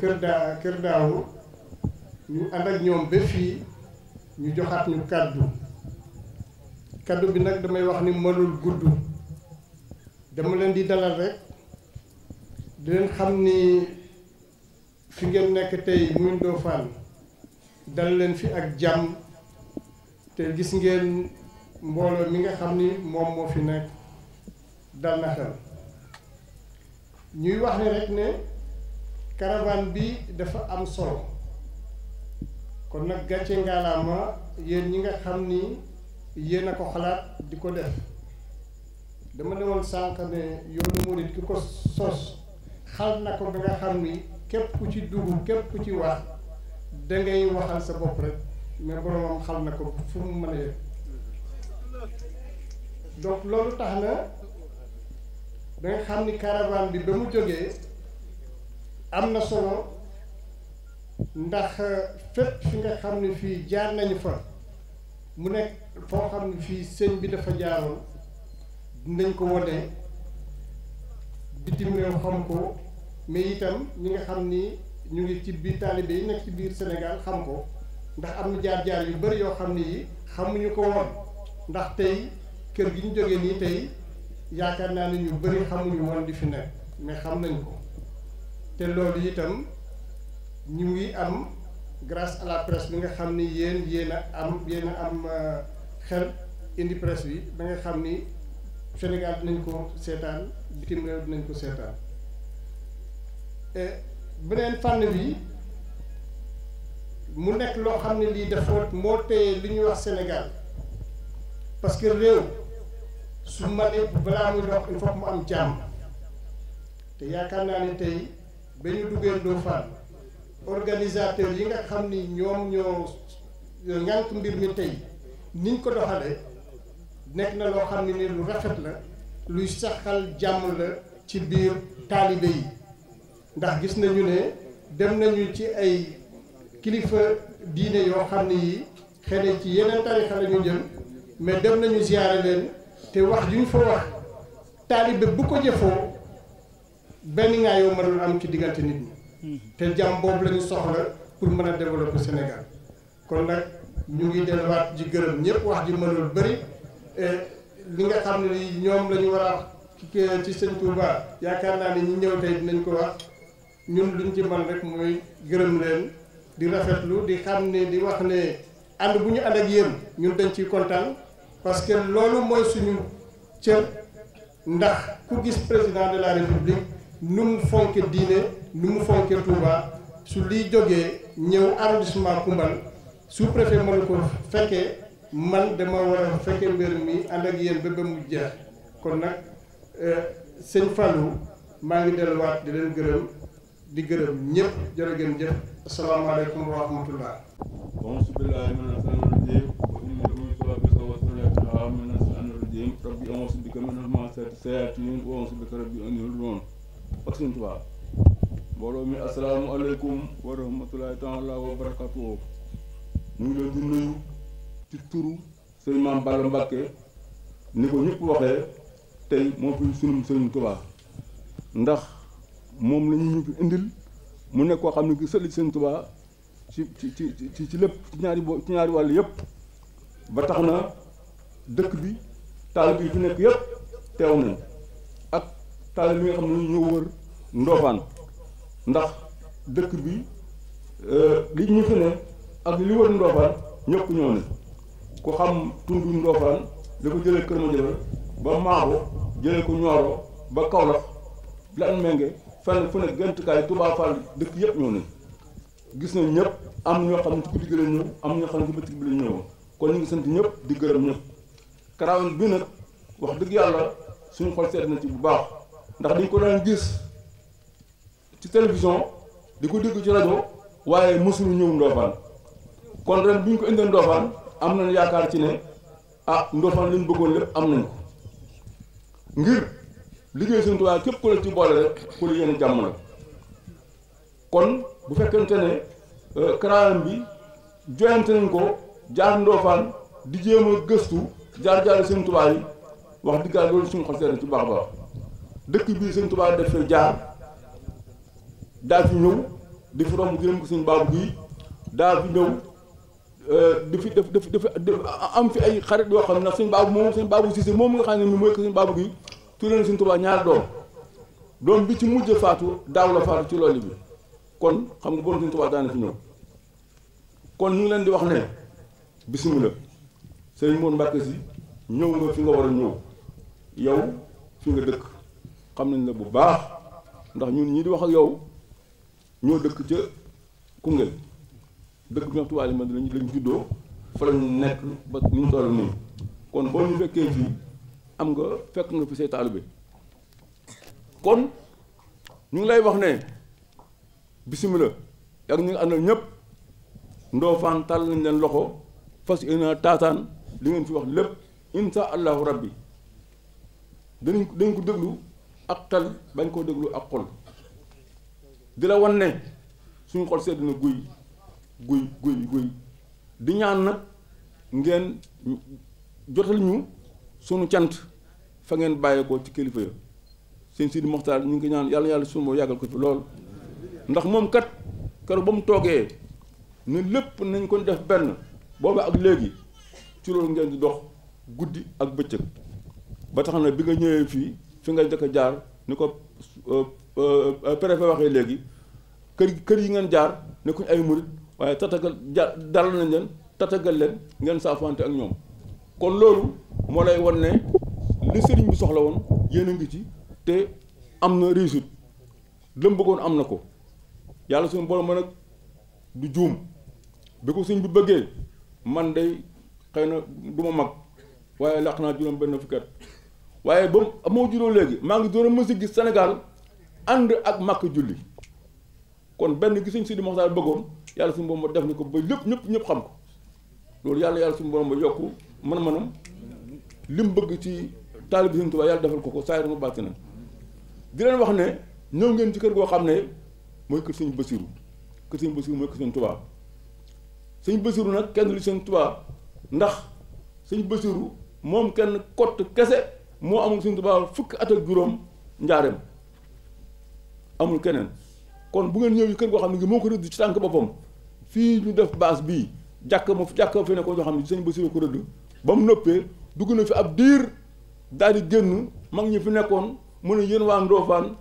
kër daa kër daawu ñu ànd ak ñoom ba fii ñu joxaat ñu kàddu kàddu bi nag damay wax ni mënul gudd dama leen di dalal rek di leen xam ni fi ngeen nekk tey muy Ndofane dal leen fi ak jàmm te gis ngeen mbooloo mi nga xam ni moom moo fi nekk dal na xel ñuy wax ni rek ne caravane bi dafa am solo kon nag gàcce ngaalaama yéen ñi nga xam ni yéen a ko xalaat di ko def dama ne woon sànq ne yoonu murit ki ko sos xal na ko ba nga xam ni képp ku ci dugg képp ku ci wax da ngay waxal sa bopp rek mais boromam xal na ko fu mu mën a yëg donc loolu tax na da xam ni caravane bi ba mu jógee. am na solo ndax fépp fi nga xam ne fii jaar nañu fa mu nekk foo xam ne fii sëñ bi dafa jaaroon dinañ ko wone bitim réew xam ko mais itam ñi nga xam ni ñu ngi ci biir taalibe yi nekk ci biir Sénégal xam ko ndax am na jaar-jaar yu bari yoo xam ne yi xamuñu ko woon ndax tey kër gi ñu jógee nii tey yaakaar naa ne ñu bëri xamuñu woon di fi nekk mais xam nañu ko te loolu itam ñu ngi am grâce à la presse bi nga xam ni yéen yéen a am yenn a am euh, xel indi presse bi ba xam ni Sénégal nañ ko seetaan bitim réew ko seetaan beneen fànn bi mu nekk loo xam ne lii dafa moo téye li ñuy wax Sénégal parce que réew su ma ne balaa muy dox il faut mu am jàmm te yaakaar naa ne tey. ba ñu duggee Ndofane organisateurs yi nga xam ni ñoom ñoo ngànk mbir mi tey niñ ko doxalee nekk na loo xam ne ni lu rafet la luy saxal jàmm la ci biir taalibe yi ndax gis nañu ne dem nañu ci ay kilifa diine yoo xam ne yi xëy na ci yeneen tarixa la ñu mais dem nañu ziyaare leen te wax ju ñu fa wax taalibe bu ko jëfoo benn ngaa yow mënul am ci diggante nit ñi hmm. te jàmm boobu la soxla pour mën a développer Sénégal kon nag ñu ngi delluwaat ji gërëm ñëpp wax ji mënul bëri eh, li nga xam ne ni ñoom la ñu war a wax ci sëñ Touba yaakaar naa ne ñi ñëw tey dinañ ko wax ñun luñ ci man rek mooy gërëm leen di rafetlu di xam ne di wax ne ànd bu ñu ànd ak yéen ñun dañ ciy kontaan parce que loolu mooy suñu cër ndax ku gis président de la république nu mu fonke diine nu mu fonke Touba su liy jógee ñëw arrondissement Koumbal sous-préfet mën ko fekkee man dama war a fekkee mbir mi ànd ak yéen ba ba mu jeex kon nag euh, sëñ Fallou maa ngi delluwaat di leen gërëm di gërëm ñëpp jërë ngeen jëf asalaamaaleykum wa rahmatullah auzu billaahi ak suñ tubaab mbooloo mi asalaamualeykum wa rahmatulahi taala la barakatuhu ñu ngi leen di nuyu ci turu sëñ maam Balla Mbàkke ni ko ñëpp waxee tey moo fi sunum sëñ tubaab ndax moom la ñu ñu fi indil mu nekk koo xam ne ki sëli sëñ tubaab ci ci ci ci lépp ci ñaari bo ci ñaari wàll yëpp ba tax na dëkk bi taal bi fi nekk yëpp teew nañ taalibe yi nga xam ne ñoo wër Ndofane ndax dëkk bi euh, li ñu fi ne ak li wër Ndofane ñëpp ñoo ne ku xam tundu Ndofane da ko jële Kër Madiabel ba Maabo jëlee ko Nioro ba Kaolack lan menge fenn fu ne gentukaay Touba Fall dëkk yëpp ñoo ne gis nañ ñëpp am ñoo xam ne ci guddi gi la ñëw am ñoo xam ne ci bëccëg bi la ñëw kon ñu ngi sant ñëpp di gërëm ñëpp Caravane bi nag wax dëgg yàlla suñu xol seet na ci bu baax. ndax dañ ko daan gis ci télévision di ko dégg ci rajo waaye mësul ñëw Ndofane kon ren bi ñu ko indee Ndofane am nañ yaakaar ci ne ah Ndofane liñ bëggoon lépp am nañ ko ngir liggéey Sëñ Tuubaa képp ku la ci boole rek ku la yéene jàmm la kon bu fekkente ne karaayam euh, bi joyante nañ ko jaar ndoofaan di jéem a gëstu jaar-jaaru Sëñ Tuubaa yi wax diggaal loolu suñu xol seet ci baax baax dëkk bii sëñ Tuubaa def fi jaar daa fi ñëw di fi romb gërëm ko sëñ Baabu Guèye daa fi ñëw euh, di fi def def def am fi ay xarit yoo xam ndax sëñ Baabu moom sëñ Baabu Cissé moom nga xam ne mi mooy ko sëñ Baabu Guèye ñaari doom doom bi ci mujj faatu daaw la faatu ci loolu bi kon xam nga bon sëñ Tuubaa daana fi ñëw kon ñu leen di wax ne bisimilah sëñ Moon Mbàkke si ñëw nga fi nga war a ñëw yow fi nga dëkk xam nañ la bu baax ndax ñu ñii di wax ak yow ñoo dëkk ca Koungheul dëkk bi nga xam tubaab yi juddoo fa lañ nekk ba ni ñu toll nii kon boo ñu fekkee fii am nga fekk nga fi say taalibe kon ñu ngi lay wax ne bisimila ak ñu ñëpp ndoofaan tàll leen loxo fas yéene taataan li ngeen fi wax lépp insha allahu rabbi danañ danañ ko déglu. aqal bañ koo déglu ak xol di la wan ne suñ xol sedd na guy guy guy guy di ñaan nag ngeen jotal ñu sunu cant fa ngeen bàyyeekoo ci kilifa ya seen Sidi Moxtaar ñu ngi ñaan yàlla yàlla sunu boo yàggal ko fi lool ndax moom kat kër ba mu toogee ne lépp nañ ko def benn booba ak léegi ci loolu ngeen di dox guddi ak bëccëg ba tax na bi nga ñëwee fii fi nga jëkk jaar ni ko euh, euh, préfet waxee léegi kër kër yi ngeen jaar nekkuñ ay murit waaye tatagal ja dalal nañ leen tatagal leen ngeen saafante ak ñoom kon loolu moo lay wan li sëriñ bi soxla woon yéen a ngi ci te am na réussite lëm bëggoon am na ko yàlla suñu borom ma nag du juum bi ko sëriñ bi bëggee man day xëy na du ma mag waaye laq naa juróom benn fukkat waaye ba moo juróo léegi maa ngi door a mës a gis Sénégal ànd ak màkk julli kon benn gisuñ Sidi Moxtaar bëggoon yàlla suñu borom ba def ni ko ba lépp ñëpp ñëpp xam ko loolu yàlla yàlla suñu borom ba yokk mën-mënam lim bëgg ci taalib Sëriñ Tuubaa yàlla defal ko ko saa mu bàtt na di leen wax ne ñëw ngeen ci kër goo xam ne kër Sëriñ Basiru kër Sëriñ Basiru mooy kër Sëriñ Tuubaa Sëriñ nag kenn lu seen Tuubaa ndax Sëriñ Basiru moom kenn kott kese moo amul suñu tubaab fukk at ak juróom njaareem amul keneen kon bu ngeen ñëw yi kër goo xam ne moo ko rëdd ci tànk boppam fii ñu def baas bii jàkk ma jàkk fi ne ko xam ne sëñ Basiru ko rëdd ba mu noppee dugg na fi ab diir daal di génn mag ñi fi nekkoon mu ne yéen waa Ndofane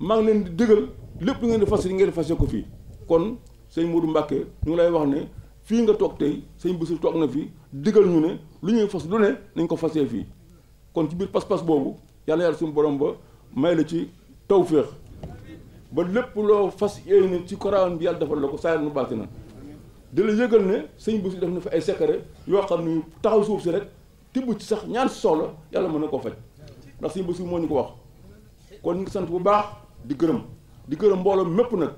maa ngi leen di digal lépp lu ngeen di fas yi ko fii kon sëñ Modou Mbacke ñu ngi lay wax ne fii nga toog tey sëñ Basiru toog na fi digal ñu ne lu ñuy fas lu ne nañ ko fasee fii kon ci biir pas-pas boobu yàlla yàlla suñu borom ba may la ci tawféex ba lépp loo fas yéene ci koraan bi yàlla defal la ko saa nu baati na di la yëgal ne sëñ bi def na fi ay secret yoo xam ne taxaw suuf si rek tibb ci sax ñaan si soxla yàlla mën na koo faj ndax sëñ bi moo ñu ko wax kon ñu ngi sant bu baax di gërëm di gërëm mbooloo mépp nag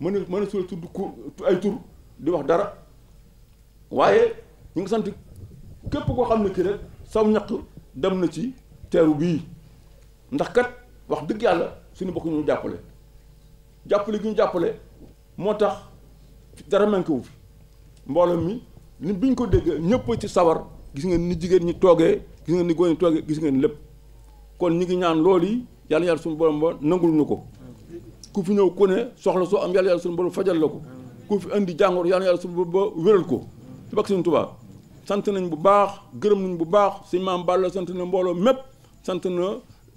mën a mën a sula tudd ku ay tur di wax dara waaye ñu ngi sant képp koo xam ne kii rek saw ñaq dem na ci teeru bii ndax kat wax dëgg yàlla suñu bokk ñu jàppale jàppale gi ñu jàppale moo tax dara manqué wu fi mbooloo mi ni biñ ko déggee ñëpp ci sawar gis ngeen ni jigéen ñi toogee gis nga ni góor ñi toogee gis ngeen lépp kon ñu ngi ñaan lool yi yàlla yàlla suñu borom ba nangul ñu ko ku fi ñëw ku ne soxla soo am yàlla yàlla suñu borom fajal la ko ku fi indi jàngoro yàlla yàlla suñu borom ba wéral ko ci bakk suñu tubaab sant nañ bu baax gërëm nañ bu baax suñ maam Balla sant na mbooloo mépp sant na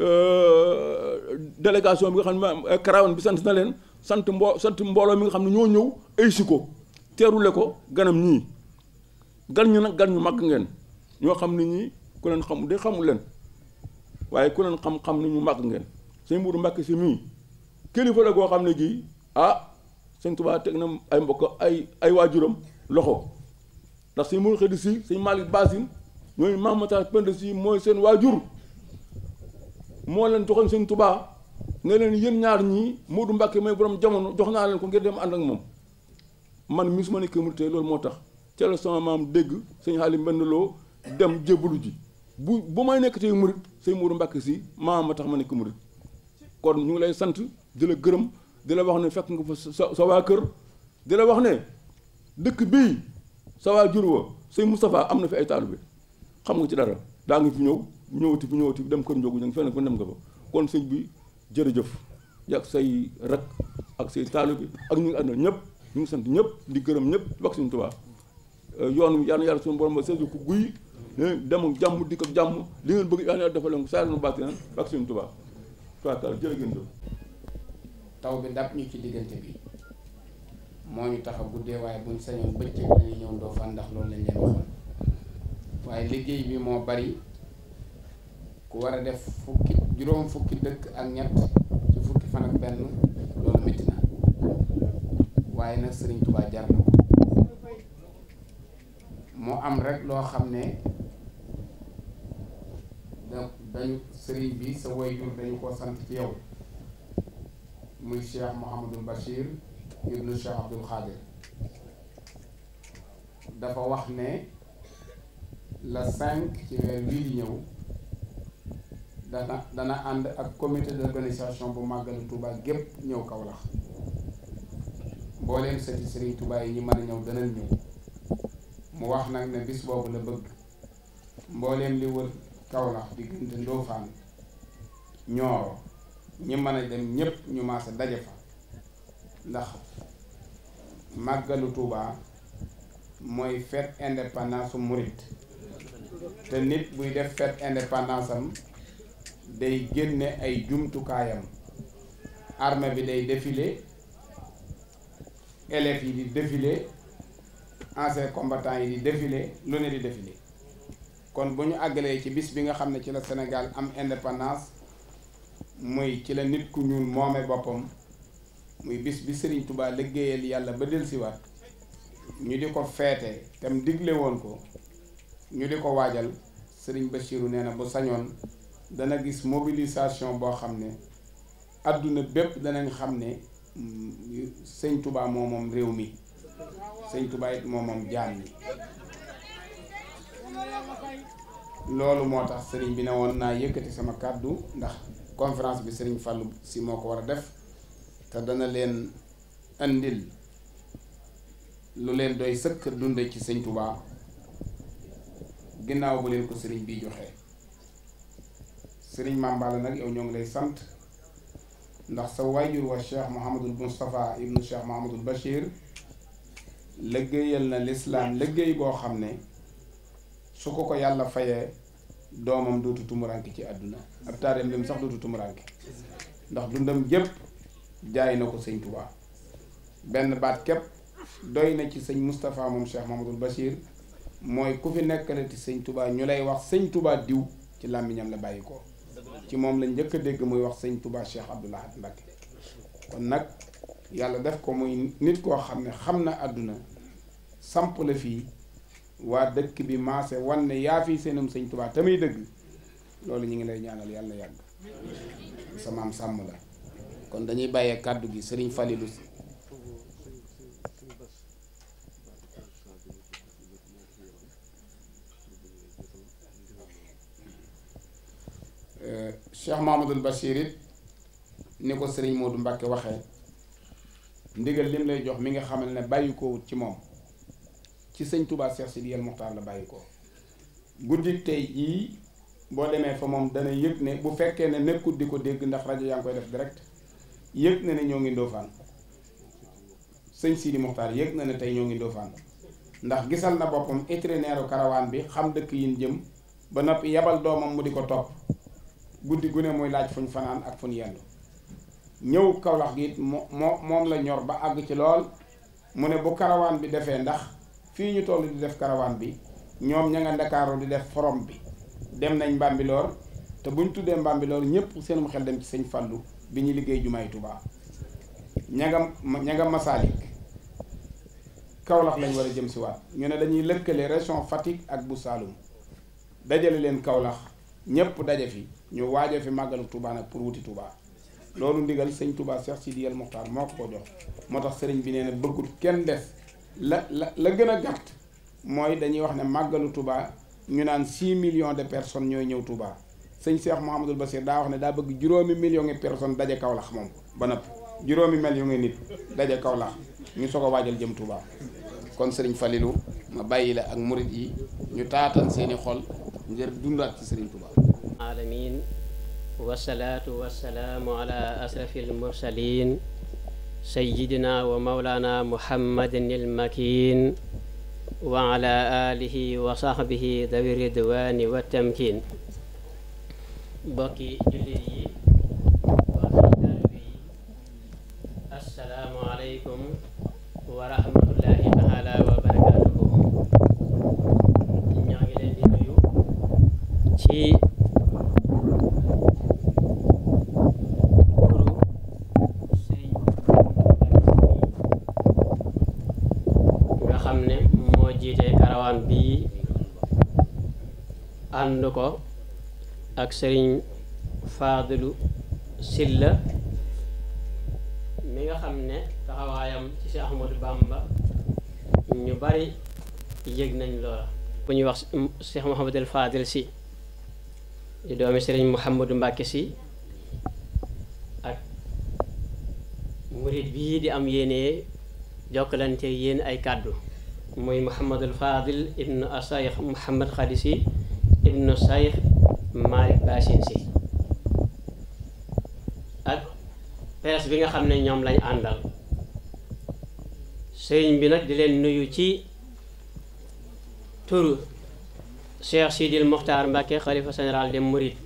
euh, délégation bi nga xam ne euh, caravane bi sant na leen sant mboo sant mbooloo mi nga xam ne ñoo ñëw aysi ko teerule ko ganam ñii gan ñu nag gan ñu mag ngeen ñoo xam ne ñii ku leen xam de xamul leen waaye ku leen xam-xam ne ñu mag ngeen sëñ Mourou Mbacke si mii kilifa la goo xam ne gii ah sëñ Tuubaa teg na ay mbokk ay ay waajuram loxo ndax suñu mënu xëy di si suñu Malick Basine ñooñu Mahmatar Penda si mooy seen waajur moo leen joxoon seen tubaa ne leen yéen ñaar ñii Modou Mbacke mooy borom jamono jox naa leen ko ngir dem ànd ak moom man mi su ma nekkee murit loolu moo tax ca la sama maam dégg sëñ xaali mbenn loo dem jébbalu ji bu bu may nekk tey murit sëñ Modou Mbacke si maam ma tax ma nekk murit kon ñu ngi lay sant di la gërëm di la wax ne fekk nga fa sa sa waa kër di la wax ne dëkk bii sa waa jur wa sëñ Moustapha am na fi ay taalibe xam nga ci dara daa nga fi ñëw ñëwati fi ñëwati dem kër njógu ñëw feneen ko dem nga fa kon sëñ bi jërëjëf yàgg say rak ak say taalibe ak ñu ngi àndal ñëpp ñu ngi sant ñëpp di gërëm ñëpp wax suñu Tuubaa euh, yoon yàlla yàlla suñu borom ba saisu ku guy dem jàmm dikk ak jàmm li ngeen bëgg yàlla dafa leen saa nu bàtti naan wax suñu Tuubaa tubaab jërë ngeen jëf taw bi ndàpp ñu ci diggante bi moo ñu tax a guddee waaye buñ sañoon bëccëg dañuy ñëw Ndofane ndax loolu lañ leen waxoon waaye liggéey bi moo bari ku war a def fukki juróom fukki dëkk ak ñett ci fukki fan ak benn loolu métti na waaye nag Serigne Touba jar na ko am rek loo xam ne da dañu Serigne bi sa waajur dañu ko sant ci yow muy Cheikh Mouhamadou Bachir. ibnu Cheikh Abdul Xaadir dafa wax ne la cinq ci weer wii di ñëw dana dana ànd ak comité d'organisation bu màggalu Touba gépp ñëw Kaolack mbooleem sëti Serigne Touba yi ñu mën a ñëw danañ ñëw mu wax nag ne bis boobu la bëgg mbooleem li wër Kaolack diggante Ndofaan ñooro ñi mën a dem ñépp ñu maasa daje fa ndax màggalu Touba mooy fête indépendance murit te nit buy def fête indépendance am day génne ay jumtukaayam armée bi day défilé élèves yi di défilé anciens combattants yi di défilé lu ne di défilé kon bu ñu àggalee ci bis bi nga xam ne ci la Sénégal am indépendance mooy ci la nit ku ñuul moome boppam muy bis bi Serigne Touba liggéeyal yàlla ba dellusiwaat ñu di ko feete tam digle woon ko ñu di ko waajal Serigne Bachirou nee na bu sañoon dana gis mobilisation boo xam ne àdduna bépp danañ xam ne mm, sëñ Touba moo réew mi sëñ Touba it moo moom mi loolu moo tax sëriñ bi ne woon naa yëkkati sama kàddu ndax conférence bi sëriñ Fallou si moo ko war a def. te dana leen andil lu leen doy sëkk dunde ci sëñ Touba ginnaaw bu leen ko sëriñ bi joxe sëriñ Mambala nag yow ñoo ngi lay sant ndax sa waajur wa Cheikh Mouhamadul Moustapha ibnu Cheikh Mouhamadul Bachir liggéeyal na lislaam liggéey boo xam ne su ko ko yàlla fayee doomam dootu tumuranke ci àdduna ab taareem lim sax dootu tumuranke ndax dundam jëpp jaay na ko sëñ Touba benn baat képp doy na ci sëñ mustafaa moom Cheikh Mamadou Bachir mooy ku fi nekkalati sëñ tubaa ñu lay wax sëñ tubaa diw ci làmmiñam la bàyyi ko ci moom lañ njëkk a dégg muy wax sëñ tubaa Cheikh Abdoul Ahad kon nag yàlla def ko muy nit koo xam ne xam na àdduna samp la fii waa dëkk bi maase wan ne yaa fii seenum sëñ Touba tamay dëgg loolu ñu ngi lay ñaanal yàlla yàgg samaam sàmm la kon dañuy bàyyee kàddu gi sëriñ Falilu euh, Cheikh Mahamadul Bachir it ni ko sëriñ Modou Mbacke waxee ndigal lim lay jox mi nga xamal ne bàyyi ko wut ci moom ci sëñ Touba Cheikh Sidi El Mokhtar la bàyyi ko guddi tey jii boo demee fa moom dana yëg ne bu fekkee ne nekkut di ko dégg ndax rajo yaa ngi koy def direct yëg na ne ñoo ngi Ndofane sëñ Sidi Mokhtar yëg na ne tey ñoo ngi Ndofane ndax gisal na boppam itinéraire karawaan bi xam dëkk yi jëm ba noppi yebal doomam mu di ko topp guddi gu ne muy laaj fuñ fanaan ak fuñ yendu ñëw Kaolack gi it moo moom la ñor ba àgg ci lool mu ne bu karawaan bi defee ndax fii ñu toll di def karawaan bi ñoom ña nga ndakaaru di def forom bi dem nañ Mbambilor te buñ tuddee Mbambilor ñëpp seenum xel dem ci sëñ Fallou. bi ñu liggéey jumaay Touba ña nga ña nga Masaalik Kaolack lañ war a jëm si waat ñu ne dañuy lëkkale région Fatick ak bu saalum dajale leen Kaolack ñépp daje fi ñu waaje fi màggalu tubaa nag pour wuti Touba loolu ndigal sëñ tubaa Cheikh Sidi El Mokhtar moo ko ko jox moo tax sëriñ bi nee na kenn des la la la gën a gàtt mooy dañuy wax ne màggalu tubaa ñu naan 6 million de personnes ñooy ñëw Touba sëñ Cheikh Mouhamadul Bassir daa wax ne daa bëgg juróomi million ngi personne daje Kaolack moom ba noppi juróomi million ngi nit daje Kaolack ñu soog a waajal jëm Touba kon sëriñ Falilou ma bàyyi la ak murit yi ñu taatan seeni xol ngir dundaat ci sëriñ Touba alamin wasalaatu wasalaamu ala asrafil mursalin sayyidina wa mawlana muhammadin il makin wa ala alihi dawi ridwani wa tamkin mbokki jullit yi ak sëriñ Faadilu Silla mi nga xam ne taxawaayam ci Cheikh Ahmadou Bamba ñu bari yëg nañ loola bu ñuy wax Cheikh Mouhamadul Fadil si di doomi sëriñ Mouhamadou Mbàkke si ak murit bii di am yéene jokkalante yéen ay kàddu muy Mouhamadul Fadil ibnu Asayix Mouhamad Xadisi ibnu Sayix Malick Bachir Sy ak presse bi nga xam ne ñoom lañ àndal sëriñ bi nag di leen nuyu ci turu Cheikh Sidil Mokhtar Mbacke xalifa général des Mourides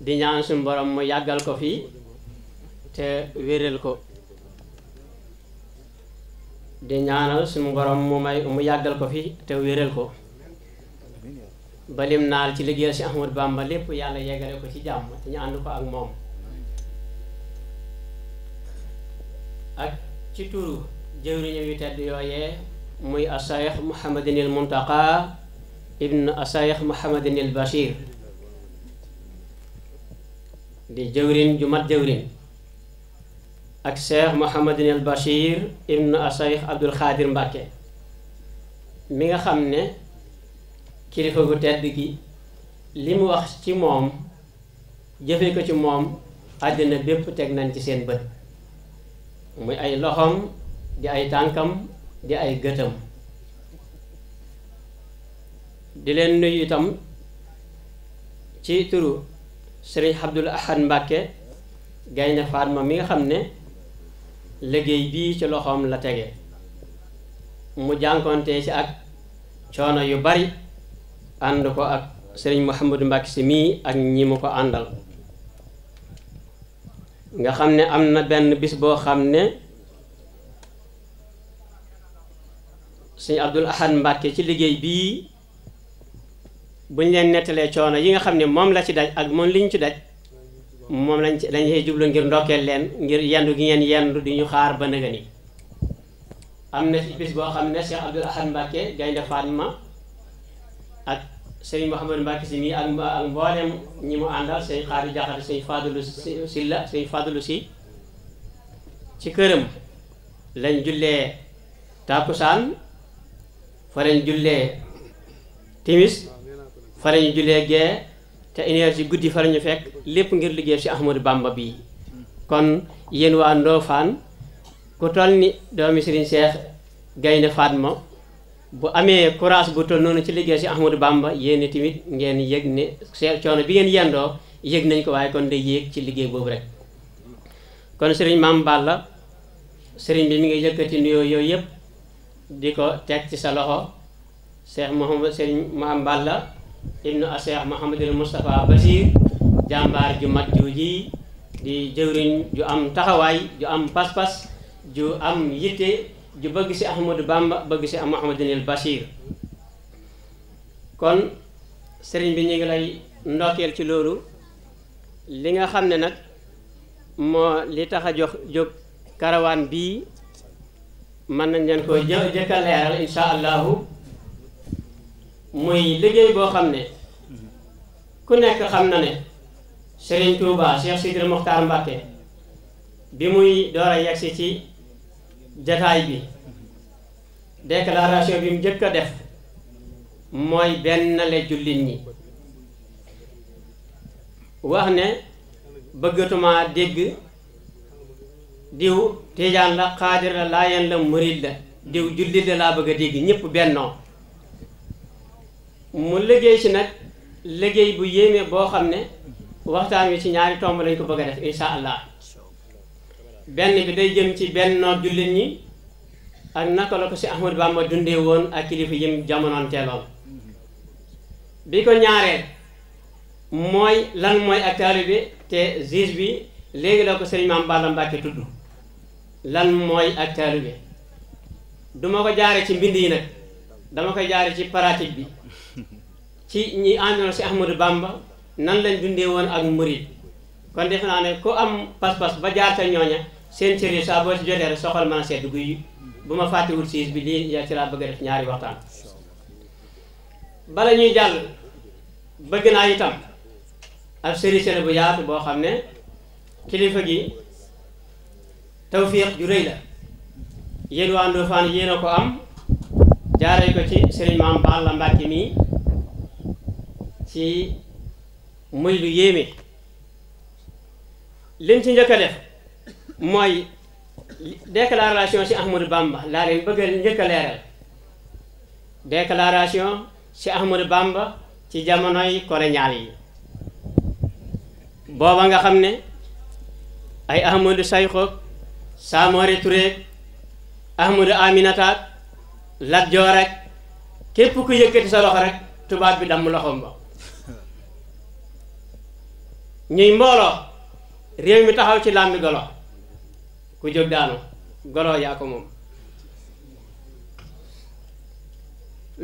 di ñaan suñu borom mu yàggal ko fii te wéral ko di ñaanal suñu borom mu may mu yàggal ko fii te wéral ko balim naal ci liggéeyal si Ahmad Bamba lépp yàlla yeggale ko ci jàmm te ñu ànd ko ak moom ak ci turu jëwriñam yu tedd yooyee muy asayix Muhammadinil Muntaqa ibn asayix Muhammadinil Bashir di jëwriñ ju mat jëwriñ ak cheikh Mouhamadinil Bachir ibn Asayikh Abdul Xaadir Mbàkke mi nga xam ne kilifa gu tedd gi li mu wax ci moom jëfe ko ci moom àddina bépp teg nañ ci seen bët muy ay loxoom di ay tànkam di ay gëtam di leen nuyu itam ci turu sëriñ Abdul Ahad Mbàkke Gaynde Fatma mi nga xam ne liggéey bii ci loxoom la tege mu jànkoonte ci ak coono yu bari ànd ko ak sëriñ Mouhamadou Mbacke si mii ak ñi mu ko àndal nga xam ne am na benn bis boo xam ne sëñ Abdul Ahad Mbacke ci liggéey bii bu ñu leen nettalee coono yi nga xam ne moom la ci daj ak moom li ñu ci daj moom lañ ci lañ cee jublu ngir ndokkeel leen ngir yendu gi ngeen yendu di ñu xaar ba nëgëni am na bis boo xam ne Cheikh Abdul Ahad Mbacke Gaynde Fatma ak sëriñ Mouhamadou Mbacke si mii ak mbooleem ñi mu àndal sëriñ Xaari Jaxate sëriñ Fadulu si si këram lañ jullee tàkkusaan fa lañ jullee timis fa lañ jullee gee te une guddi fa lañu fekk lépp ngir liggéey si Ahmadou Bamba bii kon yéen waa Ndofane ku toll ni doomi sëriñ Seex Gaynde Fatma bu amee courage bu toll noonu ci liggéey si Ahmadou Bamba yéen tamit ngeen yëg ne seen coono bi ngeen yendoo yëg nañ ko waaye kon day yéeg ci liggéey boobu rek kon sëriñ Maam Balla sëriñ bi mi ngi yëkkati nuyoo yooyu yëpp di ko teg ci sa loxo Cheikh Mouhamad sëriñ Maam Balla ibnu Cheikh Mouhamadul Moustapha Basir jàmbaar ju mat ju di jëwriñ ju am taxawaay ju am pas-pas ju am yitte ju bëgg si Ahmadou Bamba bëgg si Mouhamadinil Bachir kon sëriñ bi ñu ngi lay ndokkeel ci loolu li nga xam ne nag moo li tax a jox jóg karawaan bii mën nañ leen ko jë jëkka leeral insha allahu muy liggéey boo xam ne ku nekk xam na ne sëriñ Touba Cheikh Sidil Mokhtar Mbacké bi muy door a yegsi ci jataay bi déclaration bi mu njëkk a def mooy benn la jullit ñi wax ne bëggatuma dégg diw tiijaan la xaadir la laayeen la murid la diw jullit la laa bëgg a dégg ñépp bennoo mu liggéey ci nag liggéey bu yéeme boo xam ne waxtaan wi ci ñaari tomb lañ ko bëgg a def insha allah benn bi day jëm ci bennoo jullit ñi ak naka la ko si Ahmadu Bamba dundee woon ak kilifa yim jamonoon teeloon bi ko ñaaree mooy lan mooy ak taalibe te juge bi léegi la ko sëriñ Maam Balla Mbàkke tudd lan mooy ak taalibe duma ko jaare ci mbind dama ko jaare ci pratique bi ci ñi àndoon si Ahmadu Bamba nan lañ dundee woon ak murid kon defe naa ne ko am pas-pas ba jaar ca ñooña seen cër yi saa boo si jotee rek soxal mën a sedd guy bu ma fàttewul siis bi lii yaa ci laa bëgg a def ñaari waxtaan bala ñuy jàll bëgg naa itam ab sëriñ la bu yaatu boo xam ne kilifa gi tawfiq ju rëy la yéen waa Ndofane yéen a ko am jaaree ko ci sëriñ maam Balla Mbàkke mii ci muy lu yéeme liñ ci njëkk a def mooy déclaration ci Ahmadou Bamba laa leen bëgg a njëkk a leeral déclaration ci Ahmadou Bamba ci jamonoy colonial yi booba nga xam ne ay Ahmadou Sayxoog Samori Touré Ahmadou Aminata Lat Joor rek képp ku yëkkati sa loxo rek tubaab bi damm loxoom ba ñuy mbooloo réew mi taxaw ci làmbi golo ku jóg daanu golo yaa ko moom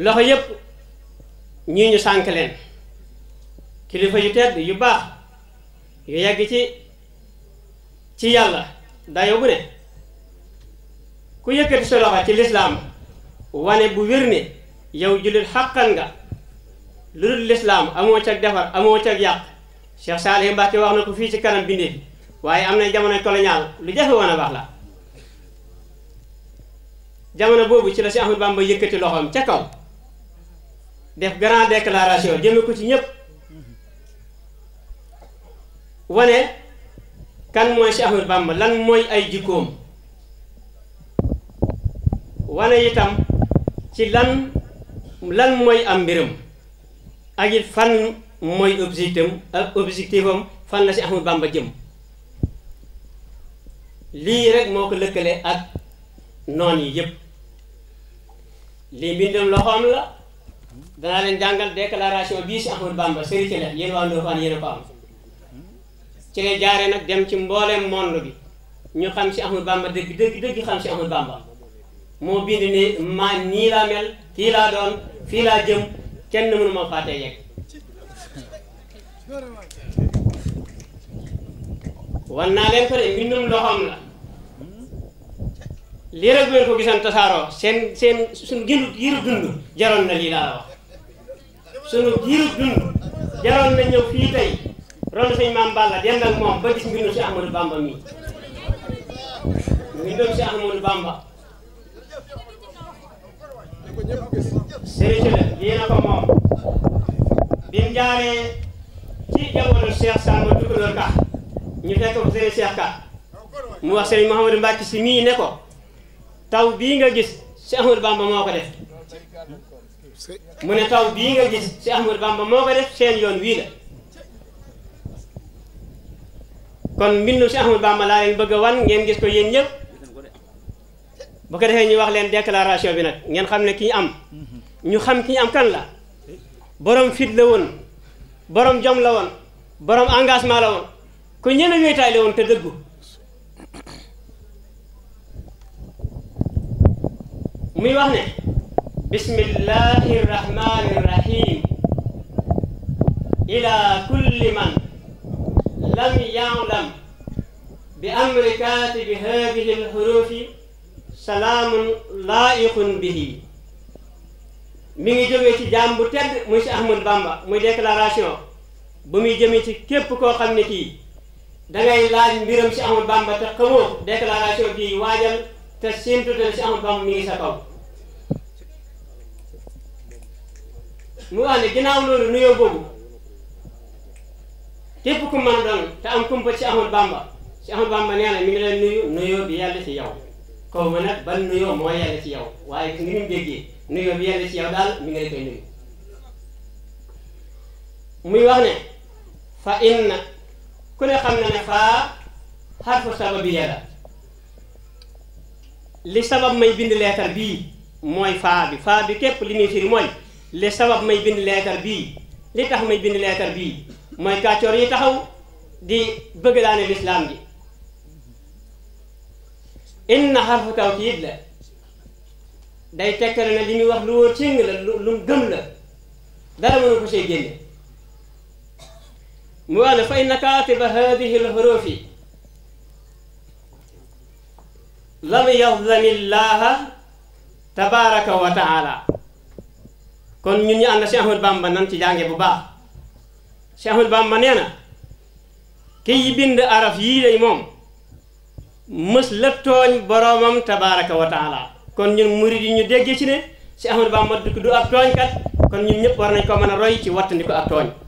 loxo yépp ñii ñu sànk leen kilifa yu tedd yu baax yu yàgg ci ci yàlla dayo bu ne ku yëkkati sa loxo ci lislaam wane bu wér ne yow jullit xàqan nga lu dul lislaam amoo ca defar amoo ca yàq Cheikh Saalih ci wax na ko fii ci kanam bindee waaye am na jamono colonial lu jafe woon a wax la jamono boobu ci la si Ahmadu Bamba yëkkati loxoom ca kaw def grand déclaration jëme ko ci ñépp wane kan mooy si Ahmadu Bamba lan mooy ay jikkoom wane itam ci lan lan mooy am mbiram ak it fan mooy objectif am fan la si Ahmadu Bamba jëm lii rek moo ko lëkkale ak noon yi yëpp lii mbindum loxoom la danaa leen jàngal déclaration bii si Ahmadu Bamba sëri ci la yéen waa Ndofane yéen a ko am ci la jaaree nag dem ci mbooleem monde bi ñu xam si Ahmadu Bamba dëgg dëgg dëgg xam si Ahmadu Bamba moo bind ni ma nii laa mel kii laa doon fii laa jëm kenn mënu ma fàttee yegg wan naa leen a de mbindum loxoom la lii rek ngeen ko gisan tasaaroo seen seen suñu giru giiru dund jaroon na lii laa wax giiru dund jaroon na ñëw fii tey ron sëñ maam Balla dend ak moom ba gis mbindum si Ahmadou Bamba mii mbindum si Ahmadou Bamba sëriñ lii na ko moom bi mu jaaree ci jamono Cheikh Samba Ka ñu fekk ko sëriñ Cheikh Ka mu wax sëriñ Mouhamadou Mbacke si mii ne taw bii nga gis si Ahmadou Bamba moo ko def mu ne taw bii nga gis si Ahmadou Bamba moo ko def seen yoon wii la kon mbindum si Ahmadou Bamba laa leen bëgg a wan ngeen gis ko yéen ñëpp bu ko defee ñu wax leen déclaration bi nag ngeen xam ne ki ñu am ñu xam ki ñu am kan la borom fit la woon borom jom la woon borom engagement la woon kon ñeneen ñooy tayle woon te dëggu muy wax ne bismillahi rrahmani kulli man lam ya'lam bi amri kaatibi hadihi alxurufi salaamun laayiqun bihi mi ngi jógee ci jaam bu tedd muy si Ahmad Bamba muy déclaration ba muy jëmee ci képp koo xam ne kii dangay laaj mbiram si Ahmadu Bamba te xamoo déclaration bii waajal te séntu te si Ahmadu Bamba mi sa kaw mu wax ne ginnaaw nuyoo boobu képp ku mën a doon te am kumpa si Ahmadu Bamba si Ahmadu Bamba nee na mi leen nuyu nuyoo bi yàlla si yow xaw ma nag ban moo yàlla si yow waaye ki ngi mu nuyoo bi yàlla si yow daal mi ngi lay nuyu muy wax fa inna ku ne xam na ne faa xarfu sababiya la li sabab may bind leetar bii mooy faa bi faa bi képp li muy firi mooy li sabab may bind leetar bii li tax may bind leetar bii mooy kàccoor yi taxaw di bëgg daane lislaam ji na xarfu taw tawkiid la day tekkale na li muy wax lu wóor céng la lu mu gëm la dara mënu ko see génne mu wax ne fay nakaatiba haadihi lxurufi lam yazlami llaaha tabaraka wa taala kon ñun ñu ànd Cheikh Ahmadou Bamba nan ci jànge bu baax Cheikh Ahmadou Bamba nee na kiy bind araf yii day moom mës la tooñ boroomam tabaraka kon ñun murid yi ñu déggee ci ne Cheikh Ahmadou Bamba du ab tooñkat kon ñun ñëpp war nañ ko mën a roy ci wattandi ko ab tooñ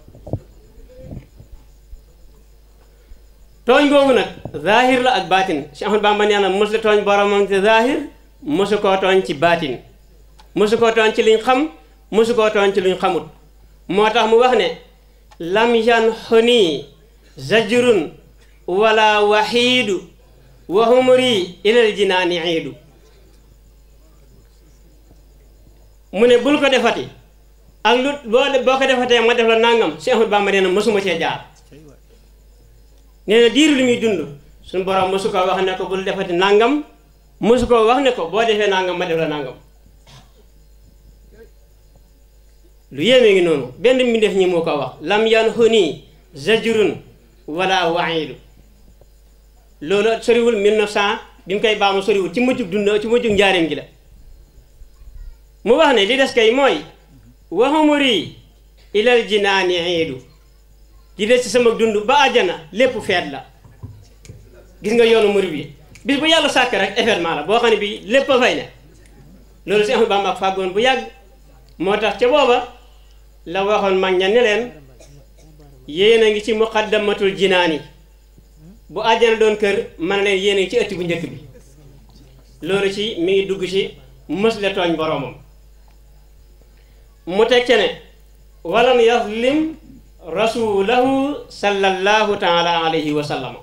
tooñ googu nag zaahir la ak baatin Cheikh Ahmad Bamba nee na mësu tooñ boromam ci zaahir mësu tooñ ci baatin mësu tooñ ci liñ xam mësu tooñ ci luñ xamut moo tax mu wax ne lam yan xonii zajrun wala waxiidu wa humri ilal jinaani iidu mu ne bul ko defati ak lu boo boo ko defatee ma def la nangam Cheikh Ahmad Bamba nee na mësuma cee jaar nee na diiru muy dund suñu borom mosu ko wax ne ko nangam mosu ko wax ne ko boo defee nangam ma def la nangam lu yéeme ngi noonu benn mi def ñi moo ko wax lam yan xonii zajurun wala waxiidu loolu soriwul 1900 bi mu koy baamu soriwul ci mujjug dund ci mujjug njaareem gi la mu wax ne li des kay mooy waxumuri ilal jinaani iidu di des ci sama dund ba àjjana lépp feet la gis nga yoonu murid bi bis bu yàlla sàkk rek événement la boo xam ne bii lépp a fay ne loolu si Ahmadu Bamba fàggoon bu yàgg moo tax ca booba la waxoon mag ña ne a ngi ci muqaddamatul jinaan yi bu àjjana doon kër man leen yéen a ngi ci ëtt bu njëkk bi loolu ci mi ngi dugg ci mës la tooñ boroomam mu teg ca ne walam yaslim rasulahu sallallahu taala alayhi wa sallama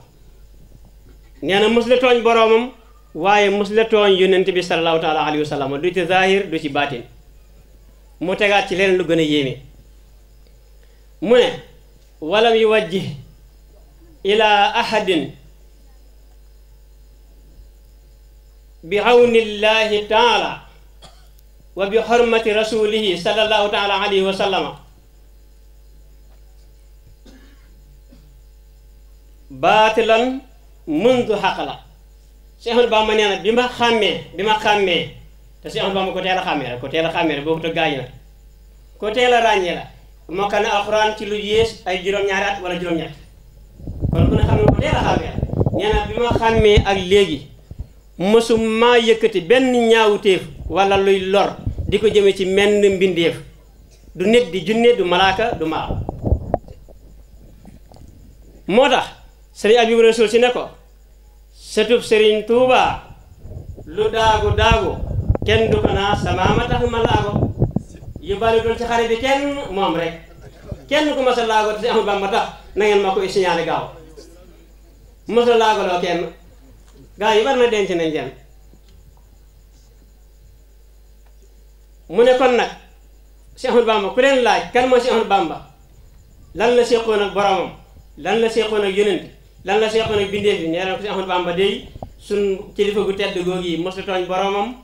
nee boroomam waaye mës la tooñ yonent bi sallallahu taala alayhi wa du ci zahir du ci baatin mu tegaat ci leen lu gën a yéeme mu ne walam yuwajjih ila ahadin bi awnillahi taala wa bi xormati rasulihi sallallahu taala alayhi wa baatilan mëndu xàq la Cheikh Ahmadou Bamba nee na bi ma xàmmee bi ma xàmmee te Cheikh Ahmadou Bamba ko teel a xàmmee la ko teel a xàmmee la boo ko tëgg gaañ la ko teel ràññee la mokkal na alxuraan ci lu yées ay juróom-ñaari at juróom-ñett kon ku ne xam ne ko teel xàmmee la nee na bi ma xàmmee ak léegi mësu maa yëkkati benn ñaawteef wala luy lor di ko jëme ci menn mbindeef du nit di junne du malaaka du maaw moo tax sëriñ Abibu Rasuul si ne ko setub sëriñ Tuuba lu daagu daagu kenn du ko naa sama ma tax ma laago yu bari dul ci xarit kenn moom rek kenn ku mos a laago te si amul bam ma tax na ngeen ma koy signalé gaaw mos a laago loo kenn gaa yi bari na denc nañ mu ne kon nag Seex Ahmadu Bamba ku leen laaj kan mooy Seex Ahmadu Bamba lan la séqoon ak boromam lan la séqoon ak yonent lan la Cheikh nag bindee fi nee ko si Ahmadu Bamba day suñ kilifa gu tedd googu yi mos la tooñ boromam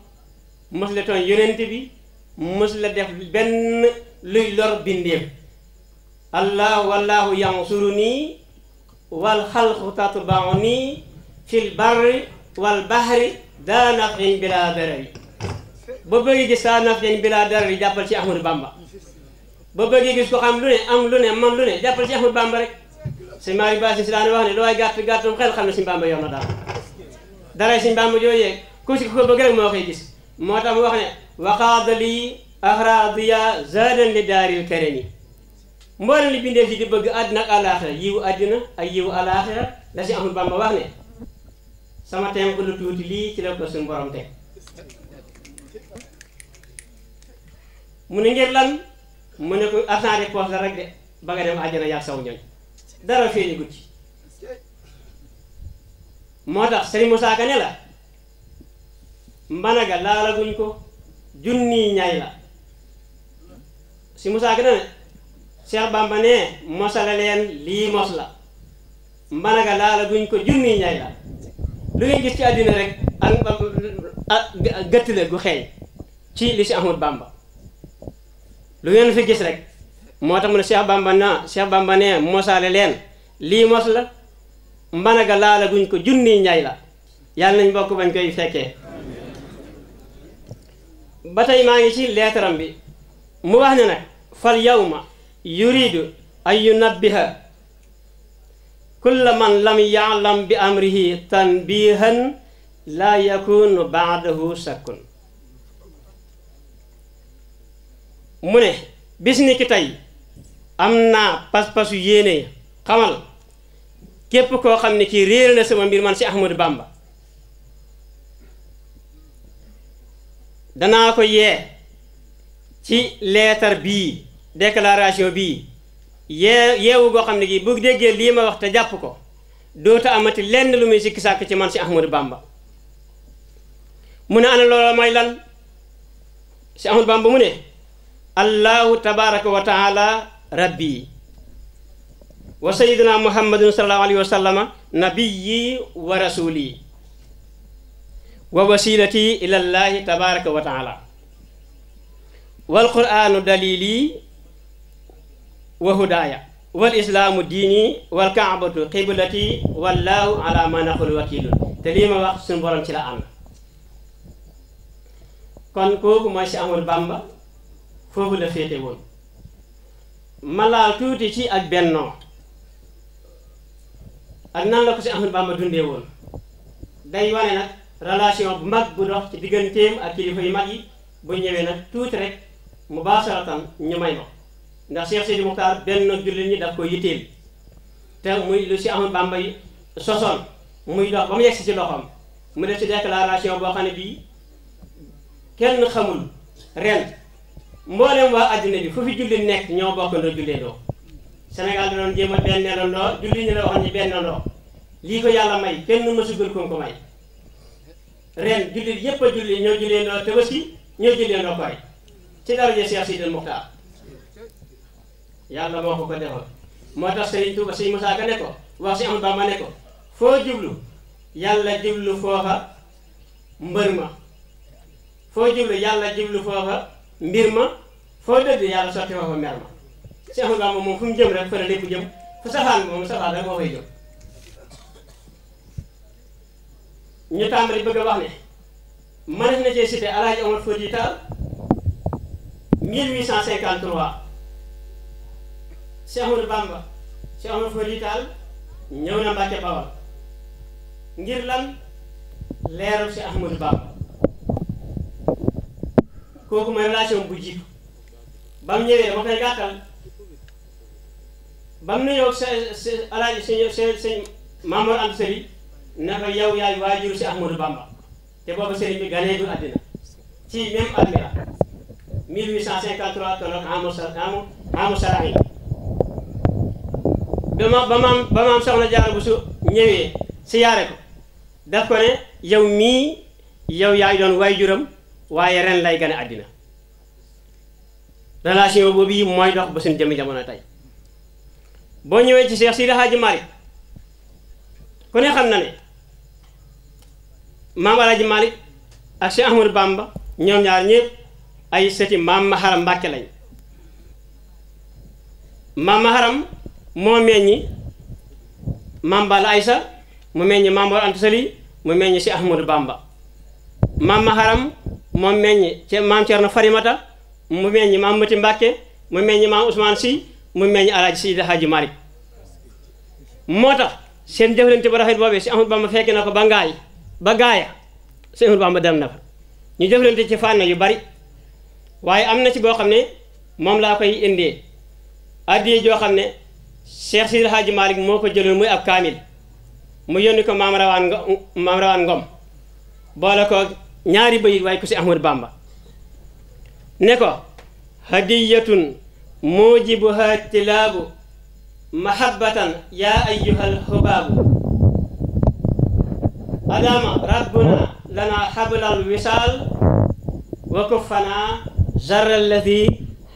mos la tooñ yonent bi mos def benn luy lor bindeef allah wallahu yansuru nii wal xalqu tatbau nii fil barri wal bahri daa nafin bila darari ba bëgg gis saa nafin bila darari jàppal ci Ahmadu Bamba ba bëgg gis ko xam lu ne am lu ne man lu ne jàppal ci Ahmadu Bamba rek sëñ maa ngi si daana wax ne lu waay gàtt gàttum xel xam ne sëñ Bàmba yor na daal dara sëñ Bàmba joojee ku si ko bëgg rek moo koy gis moo tax mu wax ne waxaada lii axraadiya zaadan li daaril karami mboolem li bindee si di bëgg àddina ak alaaxira yiwu àddina ak yiwu alaaxira la si amul Bàmba wax ne sama teem lu tuuti lii ci la ko suñu borom teg mu ne ngir lan mu ne ko argent de la rek de ba dem àjjana yaa saw ñooñ dara feeñu ci moo tax sëñ Moussa Ka ne la mbanaga laalaguñ ko junniy ñay la si Moussa Ka ne ne Cheikh Bamba ne mosala lii mos la mbanaga guñ ko junniy ñay la lu ngeen gis ci àddina rek ak gëtt la gu xeeñ ci li si Ahmad Bamba lu ngeen fi gis rek moo tax mu ne Cheikh Bamba ne mosaale leen lii mos la mbanaga laala ko junniy ñay la yàlla nañ bokk bañ koy fekkee ba tey maa ngi ci leetaram bi mu wax ne nag fal yawma yuridu an yunabbiha kulla man lam yaalam bi amrihi tanbihan laa yakunu baadahu sakkun mu ne bis ni am naa pas-pasu yéene xamal képp koo xam ne kii réer na sama mbir man si Ahmadou Bamba danaa ko yee ci leetar bii déclaration bii yee yeewu goo xam ne kii bu déggee lii ma wax te jàpp ko doota amati lenn lu muy sikki sàkk ci man si Ahmadou Bamba mu ne ana loola mooy si Ahmadou Bamba mu ne allahu tabaraka wa rabbi wa sayidina muhammadin sallallahu wa sallama wa rasuli wa wasilati wa taala wal qur'anu dalili wa hudaaya wal islaamu diini wal kaabatu qiblati wallaahu ala ma naqulu wakiilun te lii ma wax suñu borom ci la ànd kon kooku mooy amul bàmba foofu la féete woon ma laal tuuti ci ak bennoo ak nan la ko si Ahmadu Bamba dundee day wane nag relation bu mag bu dox ci digganteem ak kilifa yu mag yi bu ñëwee nag tuuti rek mu baasaratan ñu may ma ndax Cheikh Sidi Moukhtar benn jullit ñi daf ko yitteel te muy lu si Ahmadu Bamba sosoon muy dox ba mu yegsi ci loxoom mu def ci déclaration boo xam ne bii kenn xamul ren mboolem waa adduna bi fu fi julli nekk ñoo bokkandoo jullee doo Sénégal da doon jéem a benneeloo julli ñu la waxoon ñu benneeloo lii ko yàlla may kenn mësugul ko ko may ren jullit yépp a julli ñoo jullee ndoo tabaski ñoo jullee ndoo koy ci daraja Cheikh Sidil Muxtaar yàlla moo ko ko defoon moo tax Serigne Touba Serigne Moussa Ka ne wax si am Bamba ne ko foo jublu yàlla jublu foofa mbër ma foo jublu yàlla jublu foofa mbir ma foo dëgg yàlla sotti ma fa mer ma Seexul Bàmba moom fu mu jëm rek fa la lépp jëm fu safaan moom safaan rek moo fay jëm ñu tàmbali bëgg a wax ne mënees na cee cité Alaaji Omar Fouti Tall 1853 Seexul Bàmba Seex Omar Fouti Tall ñëw na Mbàkke Bawal ngir lan leeru si Ahmadou Bamba kooku mooy bu jiitu ba mu ñëwee koy gàttal ba mu nuyoo sa sa alaaji sëñ sëñ sëñ Maamor Anta Sali ne ko yow yaay waajur si Ahmadou Bamba te boobu sëriñ bi ganeegul àddina ci même Almira 1853 tolloog Amou Sa Amou Amou Sarahi ba ma ba maam ba maam soxna bu su ñëwee siyaare ko daf ko ne yow mii yow yaay doon waajuram. waaye ren lay gane àddina relation boobu yi mooy dox ba suñ jëmi jamono tey boo ñëwee ci Cheikh Sidi Hadji Malick ku ne xam na ne maam Alaaji Malick ak Cheikh Ahmadou Bamba ñoom ñaar ñëpp ay sëti maam Maharam Mbàkke lañ maam Maharam moo meññi maam Balla Aysa mu meññi maam Mor Anta Sali mu meññi Cheikh Ahmadou Bamba maam Maharam moom meññi ci maam Cerno Farimata mu meññi maam Mati Mbàkke mu meññi maam Ousmane si mu meññi alaaji Seydi Hadji Malick moo tax seen jëflante ba rafet boobee si Ahmadu Bamba fekke na ko ba ngaay ba gaaya si Ahmadu Bamba dem na fa ñu jëflante ci fànn yu bari waaye am na ci boo xam ne moom laa koy indee addiye joo xam ne Cheikh Seydi Hadji Malick moo ko jëloon muy ab kaamil mu yónni ko maam rawaan maam ngom boole ko ñaari bayit waaye ku si Ahmadu Bamba ne ko hadiyatun mujibuha tilaabu mahabbatan yaa ayyuhal hubaabu adama rabbuna lana hablal wisaal wa kuffana zarra alladi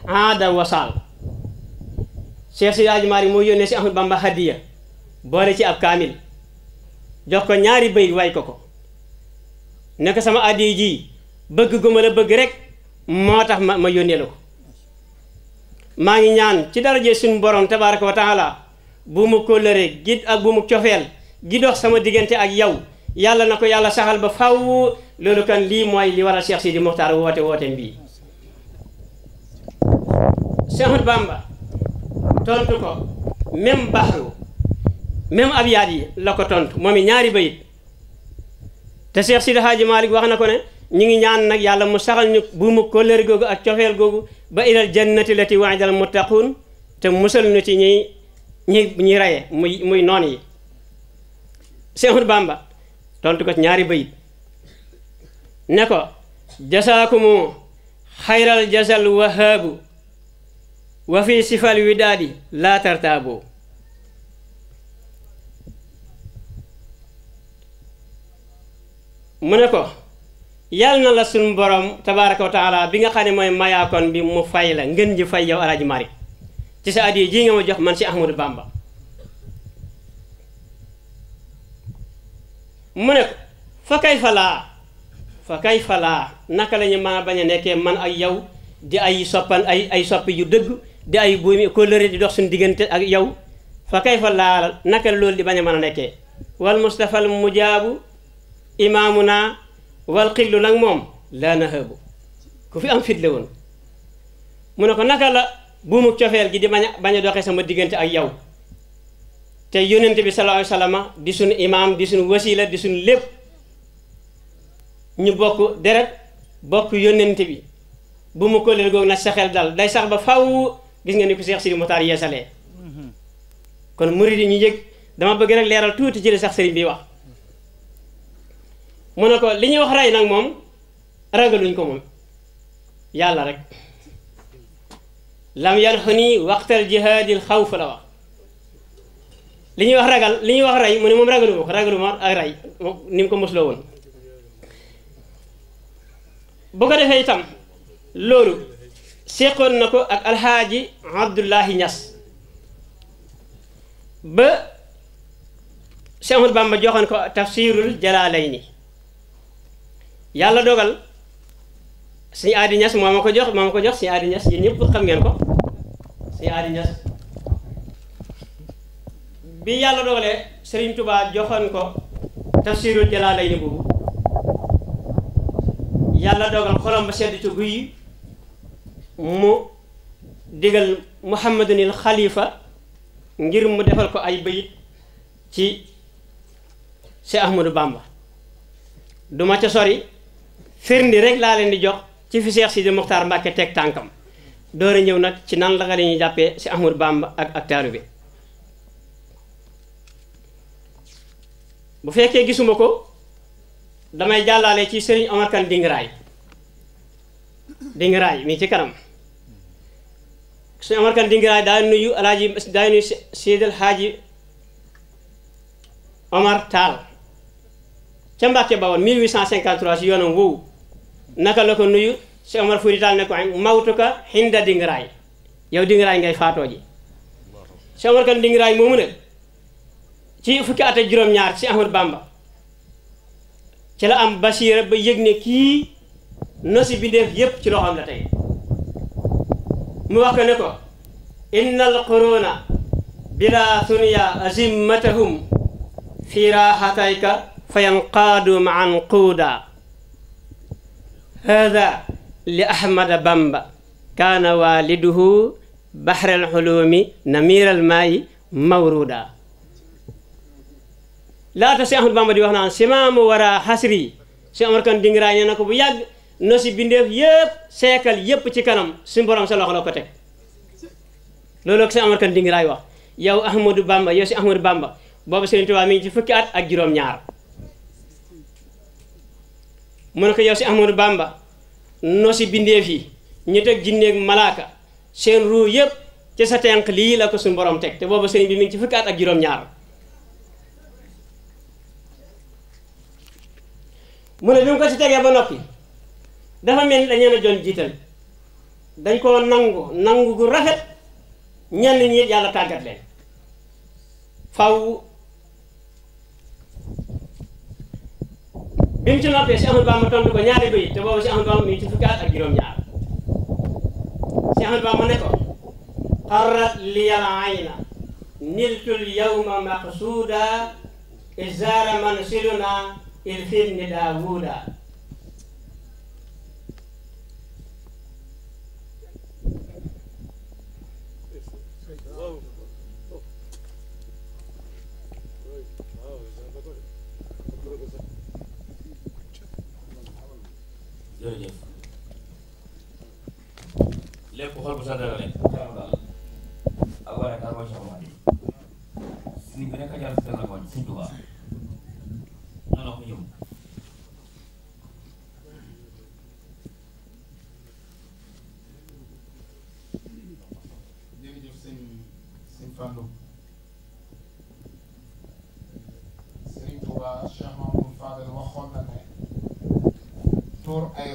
aada wasaal Cheikh Sidi Hadji Malick moo yónnee si Ahmadu Bamba hadiya boole ci ab kaamil jox ko ñaari bayit waay ko ko ne ko sama addiya ji bëgg gu ma la bëgg rek moo tax ma ma yónnee la ko maa ngi ñaan ci daraje suñu borom tabaaraka wa taala bu mu kóllëre gi ak bu mu cofeel gi dox sama diggante ak yow yàlla na ko yàlla saxal ba faw loolu kan lii mooy li waral si Sidi Mokhtar woote woote mbii Cheikh Bamba tontu ko même baxru même abyaat yi la ko tontu moom i ñaari bayit te Cheikh Sidi Hadji Malick wax na ko ne ñu ngi ñaan nag yàlla mu saxal ñu buumu kóllëre googu ak cofeel googu ba ilal jannati lati waajal muttaquun te musal ñu ci ñi ñi ñi raye muy noon yi Seexul Bàmba tontu ko ñaari bayit ne ko jasaakumu xayral jasal wahaabu wa fi sifal widaadi laa tartaaboo mu ne ko yal na la suñu borom tabaaraka wa bi nga xam ne mooy mayaakon bi mu fay la ngën ji fay yow alaaji mari ci sa addiya ji nga ma jox man si Ahmadu Bamba mu ne ko fa kay fa laa fa kay fa laa naka lañu ñu a bañ a nekkee man ak yow di ay soppan ay ay soppi yu dëgg di ay buumi kóllëre di dox suñu diggante ak yow fa kay fa laa naka loolu di bañ a mën a nekkee wal mustafal mujaabu imaamuna wal xillu nag moom laa nahabu ku fi am fit woon mu ne ko naka la buumu cofeel gi di bañ bañ a doxee sama diggante ak yow te yónnent bi sallallahu alayhi wasallam di suñu imaam di suñu wasila di suñu lépp ñu bokk deret bokk yónnent bi bu mu kóllëre na sexeel xel dal day sax ba faw gis nga ni ko Seex Sidi Muxtaar yeesalee mm-hmm. kon murid yi ñu yëg dama bëgg rek leeral tuuti ci li sax sëriñ bi wax mu ne ko li ñuy wax rey nag moom ragaluñ ko moom yàlla rek lam yarxu nii waxtal jihaadil xawf la wax li ñuy wax ragal li ñuy wax rey mu ne moom ragaluma ko ragaluma ak ray ni mu ko mosloo woon bu ko defee itam loolu seqoon na ko ak alxaaji Abdullahi Ñas ba Seex Ahmadu Bamba joxoon ko tafsirul jalaalayni yàlla dogal suñu aadi ñas moo ma ko jox moo ma ko jox si aadi ñas yéen ñëpp xam ngeen ko suñu aadi ñas bi yàlla dogalee Serigne Touba joxoon ko tafsirul Jalaalayni boobu yàlla dogal xolam ba sedd ci guy mu digal Muhammadunil Xalifa ngir mu defal ko ay bayit ci Cheikh Ahmadou Bamba duma ca sori firndi rek laa leen di jox ci fi Cheikh Sidi Mokhtar Mbacke teg tànkam door a ñëw nag ci nan la nga leen jàppee si Amadou bàmb ak taalu bi bu fekkee gisuma ko damay jàllaale ci Serigne Omar Kane Dingaraay Dingaraay ci kanam Serigne Omar Kane Dingaraay daa nuyu alaaji daa nuyu Seydal Haaji Omar Tall ca Mbàkke Bawol 1853 si yoonam woowu naka la ko nuyu Cheikh Omar Fuuti ne ko mawtuka hinda dingaraay yow dingaraay ngay faatoo ji Cheikh Omar kan dingaraay moomu nag ci fukki at ak juróom-ñaar ci Ahmad Bamba ci la am basiira ba yëg ne kii nosi bindeef yépp ci loxoom la tey mu wax ne ko inna quruna bila azimmatahum fi rahatayka fa yanqaadu ma an quuda hada li ahmada bamba kaana waaliduhu bahral hulumi namiral maayi mawruda laata si ahmad bamba di wax naan simaamu wara hasri si amar kan dingi ràññee na ko bu yàgg no si bindeef yëpp seekal yëpp ci kanam si borom sa loxo la ko teg loolu ak si amar kan dingi raay wax yow ahmadou bamba yow si ahmadou bamba boobu Sëriñ Tuubaa mi ngi ci fukki at ak juróom mu ne ko yow si Ahmadou Bamba no si bindeef yi ñu teg jinneeg malaaka seen ruu yépp ci sa tenq lii la ko suñu borom teg te booba sëriñ bi mi ngi ci fukki at ak juróom-ñaar mu ne bi mu ko si tegee ba noppi dafa mel ni dañeen a joon jiital dañ koo nangu nangu gu rafet ñenn ñi yàlla tàggat bi mu ci noppee Cheikh Ahmadou Bamba tontu ko ñaari bëy te boobu Cheikh Ahmadou Bamba mi ci fukki at ak juróom-ñaar Cheikh Ahmadou Bamba ko xarrat liyal ayna niltul yawma maqsuuda izara man siluna il firni daawuda jërëjëf lépp xol bu sa dara rek kanam daal ak waaye daal mooy soxla si bi nekk jar si si Tuubaa ay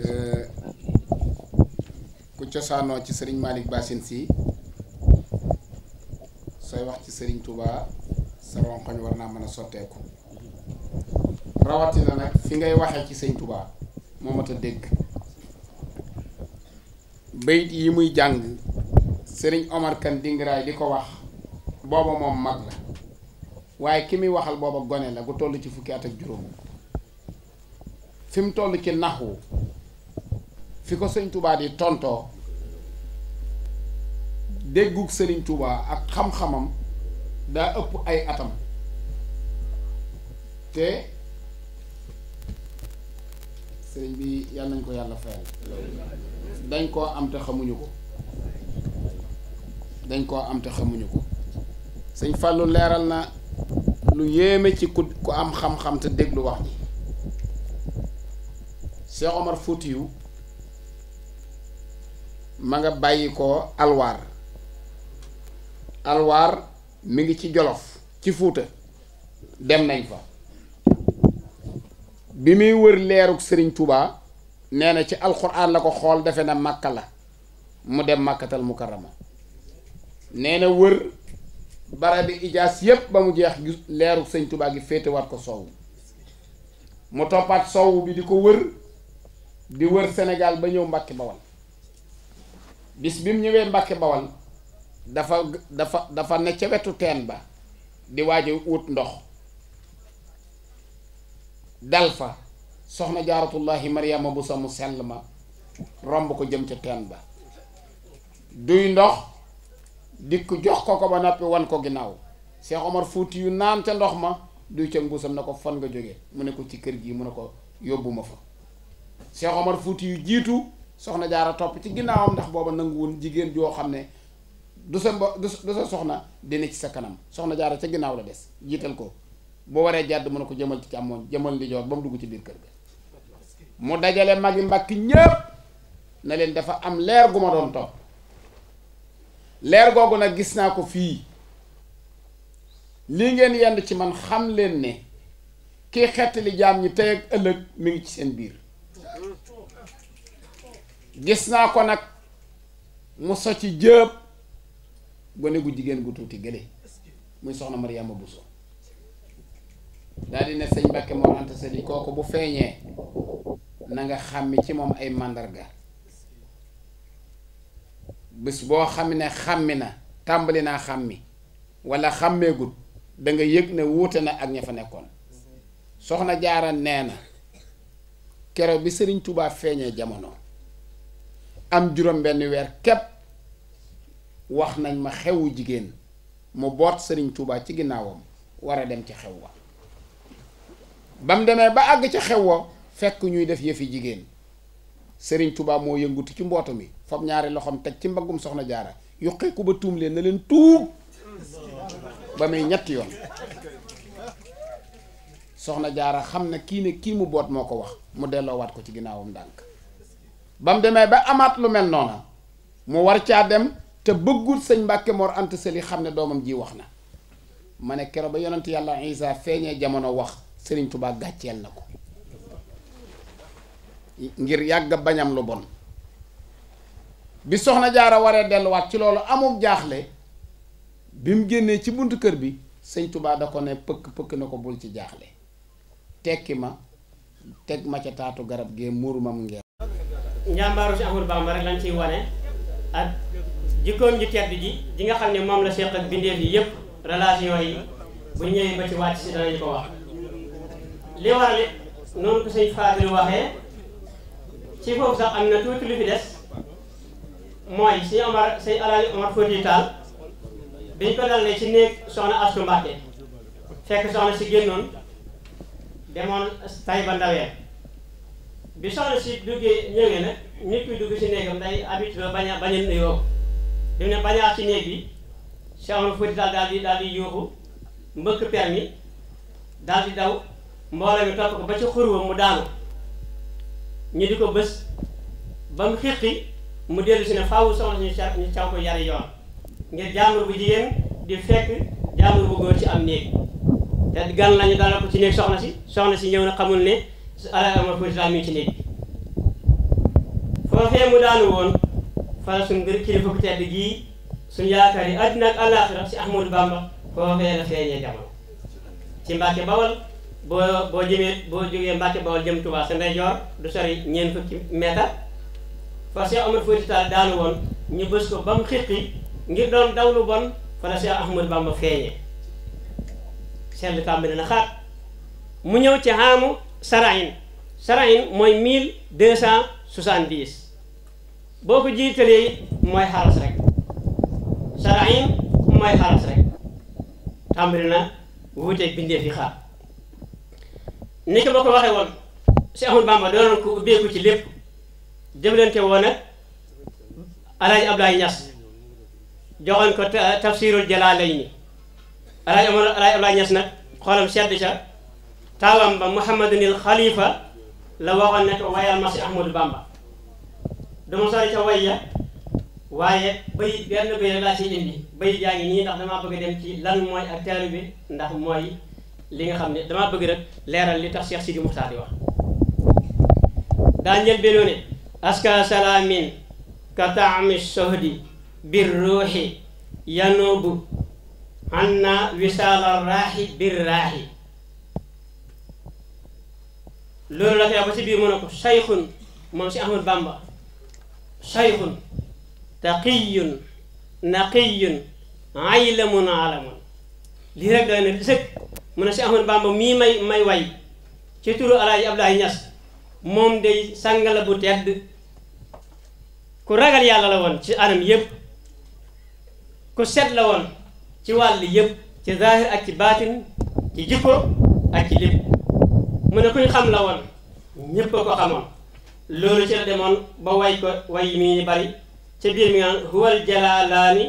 euh, ku cosaanoo ci sëriñ Malick Bassine si sooy wax ci sëriñ Tuubaa sa ronkoñ war naa mën a sotteeku rawatina nag fi ngay waxee ci sëñ Tuubaa moo mat a dégg bayit yi muy jàng sëriñ Omar Kan dingaraay di ko wax booba moom mag la waaye ki muy waxal booba gone la gu toll ci fukki at ak juróom fi mu toll ci naxu fi ko sëñ Touba di tontoo déggu sëriñ Touba ak xam-xamam daa ëpp ay atam te sëriñ bi yàlla nañ ko yàlla fayal dañ koo am te xamuñu ko dañ koo am te xamuñu ko sëñ Fallou leeral na lu yéeme ci ku ku am xam-xam te déglu wax ji Cheikh Omar Foutiyou ma nga bàyyi ko alwaar alwaar mi ngi ci jolof ci fuuta dem nañ fa bi muy wër leeruk sëriñ Touba nee na ci alxuraan la ko xool defe na màkka la mu dem màkkatal mukarrama nee wër barabi ijaas yépp ba mu jeex gi leeru sëñ Tuubaa gi féetewaat ko soow mu toppaat soow bi di ko wër di wër senegal ba ñëw Mbàkke Bawal bis bi mu ñëwee Mbàkke Bawal dafa dafa dafa ne ca wetu teen ba di waaja wut ndox dal fa soxna jaaratullahi Mariama bu sa mu sell ma romb ko jëm ca teen ba duy ndox dikk jox ko ko ba noppi wan ko ginnaaw Cheikh Omar Fuuti yu naan ca ndox ma duy ca mbuusam na ko fan nga jógee mu ne ko ci kër gi mu ne ko yóbbu ma fa Cheikh Omar Fuuti yu jiitu soxna jaara topp ci ginnaawam ndax booba nanguwul jigéen joo xam ne du sa mbo du sa soxna dina ci sa kanam soxna jaara ca ginnaaw la des jiital ko boo waree jàdd mu ne ko jëmal ci càmmoñ jëmal di joor ba mu dugg ci biir kër ga mu dajale magi mbàkki ñépp na leen dafa am leer gu ma leer googu nag gis naa ko fii lii ngeen yend ci man xam leen ne kii xettali jaam ñi tey ak ëllëg mi ngi ci seen biir gis naa ko nag mu so ci jëpp gone gu jigéen gu tuuti gële muy soxna Mariama Bousso daal di ne sëñ Mbàkke Mor Anta kooku bu feeñee na nga xàmmi ci moom ay màndarga bés boo xam ne xàmmi na tàmbali naa xàmmi wala xàmmeegut da nga yëg ne wuute na ak ña fa nekkoon soxna jaara nee na kero bi sëriñ Touba feeñee jamono am juróom benn weer képp wax nañ ma xewu jigéen mu boot sëriñ Touba ci ginnaawam war a dem ci xew wa ba demee ba àgg ci xew wa fekk ñuy def yëfi jigéen sëriñ Touba moo yëngutu ci mbootu mi fab ñaari loxoom teg ci mbaggum soxna jaara ku ba tuum leen na leen tuub ba muy ñetti yoon soxna jaara xam na kii ne kii mu boot moo ko wax mu delloo waat ko ci ginnaawam ndànk ba mu demee ba amaat lu mel noona mu war caa dem te bëggul sëñ Mbàkke Mor Anta Sali xam ne doomam ji wax na ma ne kero ba yonent yàlla Isa feeñee jamono wax Sëriñ Tuubaa gàcceel na ko ngir yàgg bañam lu bon bi soxna jaara waree delluwaat ci loolu amul jaaxle bi mu génnee ci buntu kër bi sëñ Tuubaa da ko ne pëkk pëkk na ko bul ci jaaxle tekki ma teg ma ca taatu garab gee muur ma mu ngeer njàmbaaru si Ahmadu Bamba rek lañ ciy wane ak jikkoom ju tedd ji di nga xam ne moom la seq ak bindeef yi yépp relation yi bu ñëwee ba ci wàcc si danañu ko wax li waral noonu ko sëñ Fadil waxee ci foofu sax am na tuuti lu fi des mooy si Omar si Alaaji Omar Fouti Tall biñ ko dal ne ci néeg soxna Astu Mbàkke fekk soxna si génnoon demoon Tayba ndawee bi soxna si duggee ñëwee nag nit kuy dugg si néegam day habitude bañ a bañ a nuyoo bi mu ne bañaa si néeg bi si Omar Fouti Tall daal yuuxu mbëkk permi daal daw mbooloo mi topp ko ba ci xurwa mu daanu ñu di ko bés ba mu xiqi mu dellu si ne faaw soxna si ñu caw ko yari yoon ngir jàmbur bu jigéen di fekk jàmbur bu góor ci am néeg te gan lañu dalal ko ci néeg soxna si soxna si ñëw na xamul ne ala ama foti laa mi ci néeg bi foofee mu daanu woon fala suñ ngir kilifa ku tedd gii suñ yaakaar yi àddina ak àllaaxira si Ahmadou Bamba foofee la feeñee jamono ci Mbàkke Bawol boo boo jëmee boo jógee Mbàkke Bawol jëm Tuubaa sa ndeyjoor du sori ñeent fukki mètre fa Cheikh Ahmad Fouti daanu woon ñu bës ko ba mu xiqi ngir doon daw lu bon fa la Cheikh Ahmad Bamba feeñee seetlu tàmbali na xaat mu ñëw ci xaamu sarayin sarayin mooy mille deux cent soixante-dix boo ko jiitalee it mooy xaalis rek sarayin mooy xaalis rek tàmbali na wuuteeg bindee fi xaar ni ko ko waxee woon Cheikh Ahmad Bamba doonoon ku ubbeeku ci lépp jëflante woon ak Alaaji Ablaay Ñas joxoon ko tafsirul jalaalayni Alaaji Alaaji Ablaay Ñas nag xoolam sedd ca taawam ba Muhammadunil Xalifa la waxoon ne ko wayal Masi Ahmadu Bamba dama sori ca way ya waaye bay benn bay laa si indi bay jaa ngi nii ndax damaa bëgg dem ci lan mooy ak teelu bi ndax mooy li nga xam ne dama bëgg rek leeral li tax Cheikh Sidi Muxtaar di wax daa njël benoo aska salaamin ka taami sohdi bir ruuxi yanuubu anna wisaala raaxi bir raaxi loolu la koy ba ci biir mu ne ko sayxun si Ahmad Bamba sayxun taqiyun naqiyun aylamun alamun lii rek doy na di sëkk si Ahmad Bamba mii may way ci turu Alaaji Abdoulaye Niass moom day sàng bu tedd ku ragal yàlla la woon ci anam yépp ku set la woon ci wàll yépp ci zaahir ak ci baatin ci jikko ak ci lépp mu ne kuñ xam la woon ñépp a ko xamoon loolu ci la demoon ba way ko way mi bari ca biir mi naan huwal jalaalaani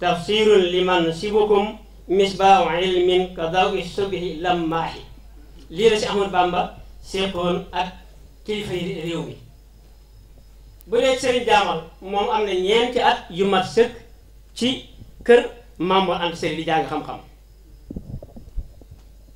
tafsirun liman sibukum misbaahu ilmin ka daw i subhi lammaahi lii la si Ahmadu Bamba séqoon ak kilifa yi réew mi bu dee sëriñ jaamal moom am na ñeenti at yu mat sëkk ci kër Maam Mor bi Sali di jàng xam-xam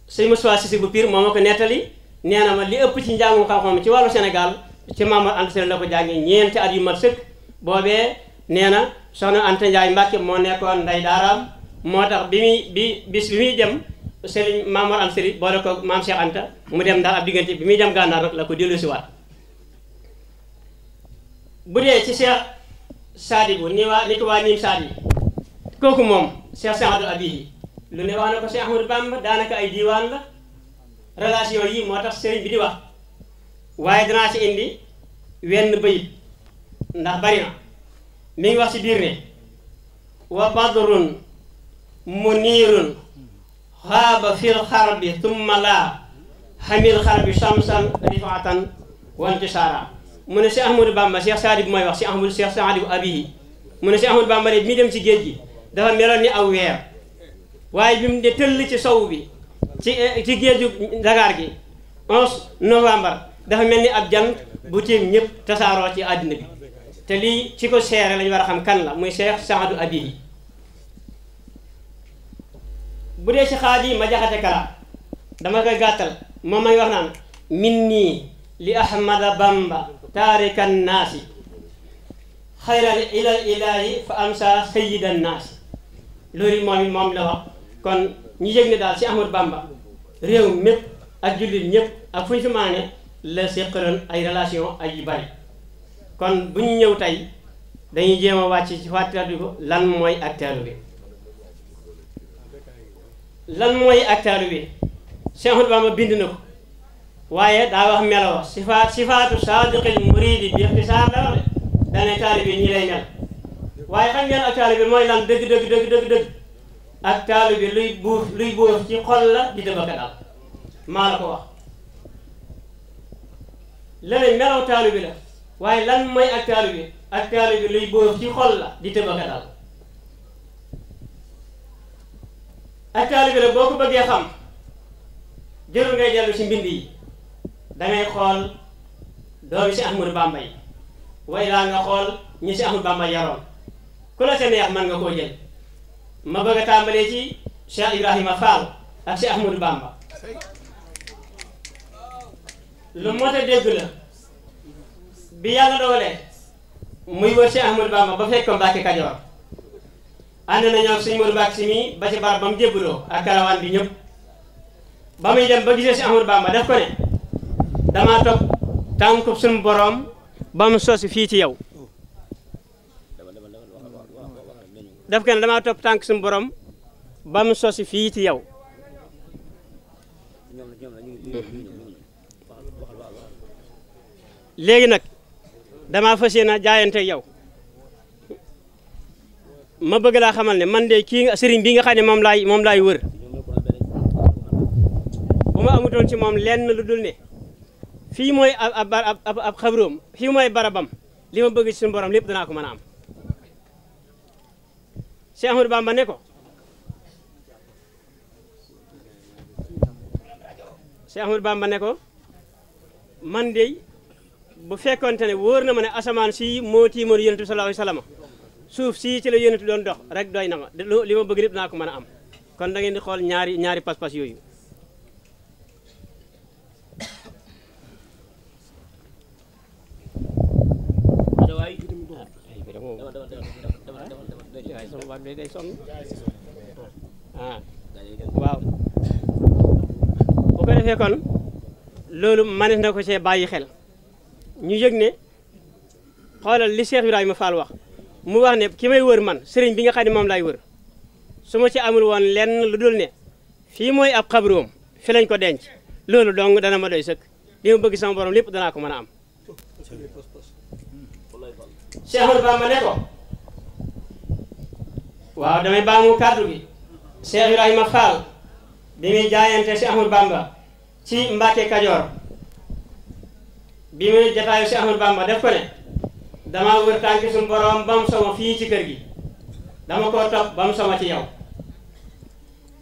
sëñ Moussa Cissé bu Pire moom ma ko nettali nee na ma li ëpp ci njàngum xam-xam ci wàllu senegal ci Maam Mor la ko jàngee ñeenti at yu mat sëkk boobee nee na soxna Anta Ndiaye Mbacke moo nekkoon nday daaraam moo tax bi muy bi bis bi muy dem sëriñ Maam Mor Anta Sali ko maam Cheikh Anta mu dem ndax ab diggante bi muy dem gànnaar nag la ko dellu si bu dee ci Cheikh Sadibou ni waa ni waa niim Sadi kooku moom Cheikh Saadou Abihi lu ne wax na ko Cheikh Ahmadou Bamba daanaka ay diiwaan la relation yi moo tax sëriñ bi di wax waaye danaa ci indi wenn bayit ndax bari na mi ngi wax ci biir ne wa badrun muniirun xaaba fil xarbi tumma laa xamil xarbi samsan rifaatan wa intisaara mu ne Cheikh Ahmadou Bamba Cheikh Saadibu mooy wax Cheikh Ahmadou Cheikh Saadibu abihi mu ne Cheikh Ahmadou de muy dem ci géej gi dafa meloon ni aw weer waaye bi mu de tëll ci sow bi ci ci géeju Dakar gi 11 dafa mel ni ab jant bu tiim ñëpp tasaaroo ci àddina bi te lii ci ko seere lañu war a xam kan la muy Cheikh Saadu abihi bu dee ci xaaj yi ma jaxate kala dama koy gàttal moom may wax naan min nii li Ahmada Bamba taarikan naasi xayral ilal ilaahi fa am saa sayyidan naasi loolu moom it moom la wax kon ñu yëg ne daal si Ahmadu Bamba réew mépp ak jullit ñëpp ak fu maane la séqaloon ay relation ay yu kon bu ñu ñëw tey dañuy jéem a wàcc ci fàttali ko lan mooy acteur bi lan mooy acteur bi Cheikh Ahmadou Bamba bind na ko waaye daa wax melo sifaat sifaatu saadiqil muridi bi ixtisaar la wax de daanee taalibi ñi lay mel waaye xam ngeen ak taalibi mooy lan dëgg dëgg dëgg dëgg dëgg ak taalibi luy buuf luy buuf ci xol la di dëbaka daal maa ko wax leneen melaw taalibi la waaye lan mooy ak taalibi ak la di dëbaka daal ak taalibi la boo ko bëggee xam jërul ngay dellu ci mbind yi dangay xool doomi si Ahmadu Bàmba yi way laa nga xool ñi si Ahmadu Bàmba yaroon ku la sa neex mën nga koo jël ma bëgg a tàmbalee ci Cheikh Ibrahima Fall ak Cheikh Ahmadu Bàmba lu mot a dégg la bi yàlla doole muy wër Cheikh Ahmadu Bàmba ba fekk ko Mbàkke Kajoor ànd na ñoom suñ Modu Mbàkke si mii ba ci barab ba mu jébbuloo ak karawaan bi ñëpp ba muy dem ba gisee Cheikh Ahmadu Bàmba def ko ne damaa topp tànku boroom ba sosi fii ci yow daf kenn damaa topp tànk suñu boroom bam sosi fii ci yow léegi nag damaa fas a jaayante ak yow ma bëgg laa xamal ne man de kii sëriñ bi nga xam ne moom lay moom laay wër bu ma amutoon ci moom lenn lu dul ne fii mooy ab ab ab xabroom fii mooy barabam li ma bëgg ci suñu borom ko mën a am Cheikh Ahmadou Bamba ne ko Cheikh Ahmadou Bamba ne ko man de bu fekkonte ne wóor na ma ne asamaan si moo tiimoon yonent bi sallallahu alayhi wa suuf sii ci la yonent doon dox rek doy na ma li ma bëgg lépp danaa ko mën a am kon da ngeen di xool ñaari ñaari pas-pas yooyu sama baat day sonn ah waaw bu ko defee kon loolu manes na ko see bàyyi xel ñu yëg ne xoolal li Cheikh Ibrahima Fall wax mu wax ne ki may wër man sëriñ bi nga xam ne moom laay wër su ma ci amul woon lenn lu dul ne fii mooy ab xabroom fi lañ ko denc loolu dong dana ma doy sëkk li ma bëgg sama borom lépp danaa ko mën a am Cheikh Ahmadou Bamba ne ko waaw damay baamu kàddu gi Cheikh Ibrahima Fall bi muy jaayante si Ahmad Bamba ci Mbàkke Kajoor bi muy jataayu si Ahmad Bamba def ko ne dama wër tànki suñu boroom ba mu fii ci kër gi dama koo topp bam mu sama ci yow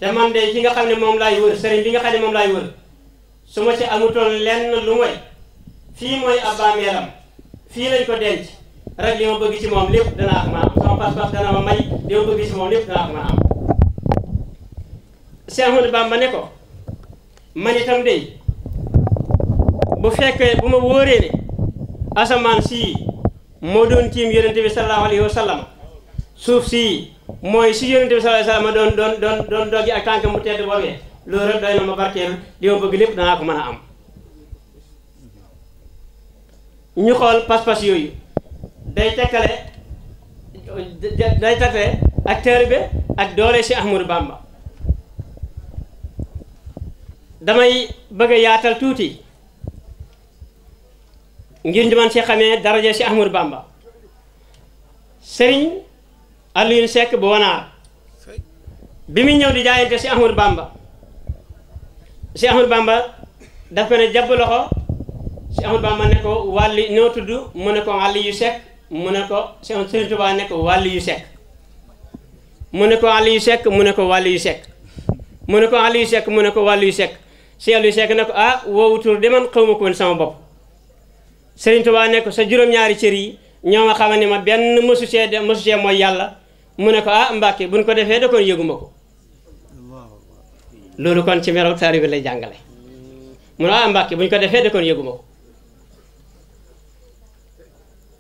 te man de ki nga xam ne moom laay wër sëriñ bi nga xam ne moom laay wër su ma ci amutoon lenn lu mooy fii mooy ab bàmmeelam fii lañ ko denc rek li ma bëgg ci moom lépp danaa ko mën a am sama pas-pas dana ma may li ma bëgg ci moom lépp danaa ko mën a am Cheikh Ahmadou Bamba ne ko man itam day bu fekkee bu ma wóoree asamaan sii moo doon tiim yonente bi sallallahu alayhi wa suuf sii mooy si yonente bi sallallahu alayhi wa doon doon doon doon doggi ak tànk mu tedd boobee loolu rek doy ma barkeelu li ma bëgg lépp danaa ko mën a am ñu xool pas-pas yooyu day tekkale day tekkale ak taalibe ak doole si Ahmadou Bamba damay bëgg yaatal tuuti ngir ñu mën si xamee bàmba si Ahmadou Bamba sëriñ wanaar bi muy ñëw di jaayante si Ahmadou Bamba si Ahmadou Bamba dafa ne jàpp loxo si Ahmadou Bamba ne ko wàlli noo tudd mu ne mu ne ko Sëriñ Tuubaa ne ko wàllu yu sekk mu ne ko wàllu yu sekk mu ne ko wàllu yu sekk mu ne ko wàllu yu sekk mu ne ko wàllu yu sekk seelu yu sekk ne ko ah woowu tur de man xaw ma ko woon sama bopp Sëriñ Tuubaa ne ko sa juróom-ñaari cër yi ñoo ma xamal ne ma benn mësu see de mësu see mooy yàlla mu ne ko ah Mbàkke nu ko defee da kon yëguma ko loolu kon ci meraw taari bi lay jàngale mu ne ah Mbàkke buñ ko defee da kon yëguma ko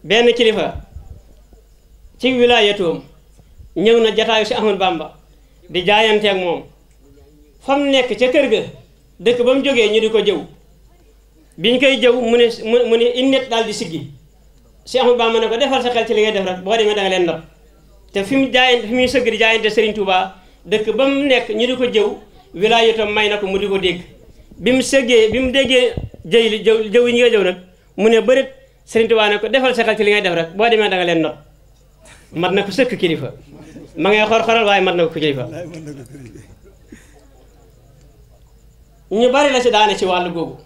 benn kilifa ci wilaayatoom ñëw na jataayu si Ahmad Bamba di jaayante ak moom fa mu nekk ca kër ga dëkk ba mu jógee ñu di ko jëw biñ koy jëw mu ne mu ne innet daal di siggi si Ahmad Bamba ne ko defal sa xel ci li ngay def rek boo demee da nga leen ndab te fi mu jaayante fi muy sëgg di jaayante Serigne Touba dëkk ba mu nekk ñu di ko jëw wilaayatoom may na ko mu di ko dégg bi mu sëggee bi mu déggee jëy li jëw jëw yi ñu koy jëw nag mu ne bërit Sëriñ Tuubaa ne ko defal sa ci li ngay def rek boo demee da nga leen not mat na ko sëkk kilifa ma ngay xor-xoral waaye mat na ko kilifa ñu bari la si daane ci wàllu googu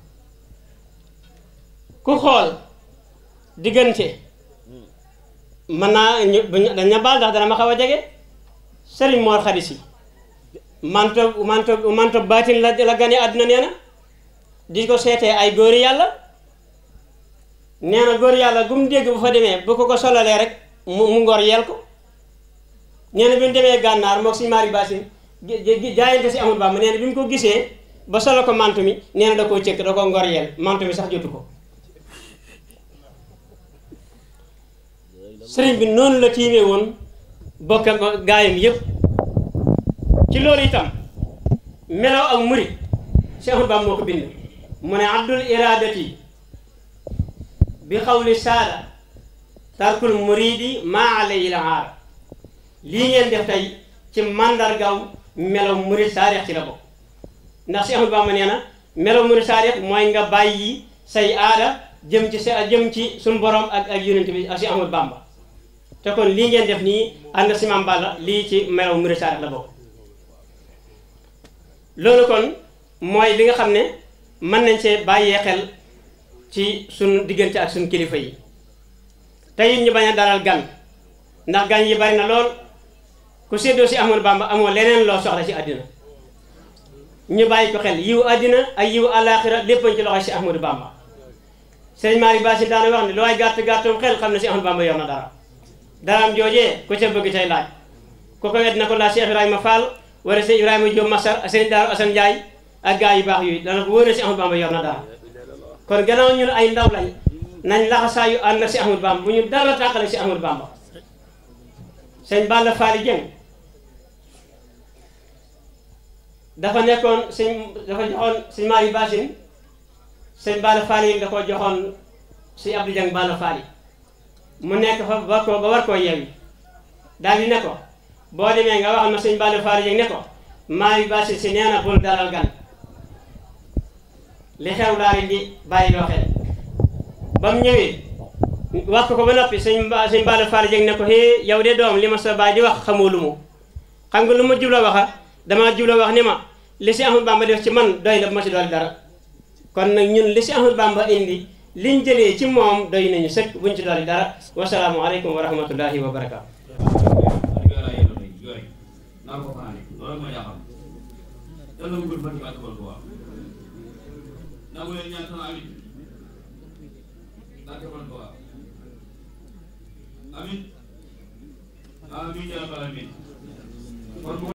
ku xool diggante mën naa ñu dañ na baal ndax dana ma xaw a jege sëriñ Mor Khady Sy manto manto manto baatin la la gane àdduna nee na di ko seetee ay góori yàlla nee góor yàlla gu mu dégg bu fa demee bu ko ko solalee rek mu mu ngor yel ko nee bi mu demee gànnaar moog suñu maari baasin jaayante si amul ba mu nee bi mu ko gisee ba solo ko mantu mi nee koo cëkk koo ngor sax jotu ko sëriñ bi noonu la tiimee woon bokk ak gaayam yépp ci loolu itam melaw ak muri si amul ba moo ko bind mu ne abdul iradati bi xawli saada tarkul muridi maa alayhi la aara lii ngeen def tey ci màndargaw melaw murid saarix ci la bokk ndax si Ahmadu Bamba nee na melaw murid saarix mooy nga bàyyi say aada jëm ci sa jëm ci suñu borom ak ak yonent bi ak si Ahmadu Bamba te kon lii ngeen def nii ànd si Maam lii ci melaw murid saarix la bokk loolu kon mooy li nga xam ne mën nañ see bàyyee xel ci sunu diggante ak sunu kilifa yi tey ñu bañ a dalal gan ndax gan yi bari na lool ku séddoo si Ahmadu Bamba amoo leneen loo soxla ci àddina ñu bàyyi ko xel yiw àddina ak yiw àllaaxira lépp ci loxo si Ahmadu Bamba sëñ Maari Basi daana wax ne lu waay gàtt gàttum xel xam ne si Ahmadu Bamba yor na dara daraam joojee ku ca bëgg tey laaj ku ko wet na ko laaj Cheikh Ibrahima Fall wala sëñ Ibrahima Diop Massar ak sëñ Daaru Assane ak gaa yu baax yooyu dana ko wóor ne si kon ganaaw ñun ay ndaw lañ nañ laxasaayu ànd ak si Ahmadu Bamba bu ñu dara tàqale si Ahmadu Bamba sëñ Balla Faali Jeng dafa nekkoon sëñ dafa joxoon sëñ Maari Basin sëñ Balla Faali da koo joxoon sëñ Abdou Jeng mu nekk fa ba ko ba war koo yeewi daal di ne boo demee nga wax na sëñ Balla Faali Jeng nekko ko Maari Basin si nee na bul gan li xew laa leen di bàyyi loo xel ba mu ñëwee wax ko ko ba noppi suñ mba suñ mbaale nekko jëg hee yow de doom li ma sa baay di wax xamoo lu mu xam nga lu ma jubla wax damaa jubla wax ni ma li si Ahmadu Bamba di wax ci man doy na ma si dool dara kon nag ñun li si Ahmadu Bamba indi liñ jëlee ci moom doy nañu sëkk buñ ci dool dara wasalaamu aleykum wa wa barakaatu nangu leen ñaan sama amin barke Borom Tuubaa amin amin yaa rabbal alamin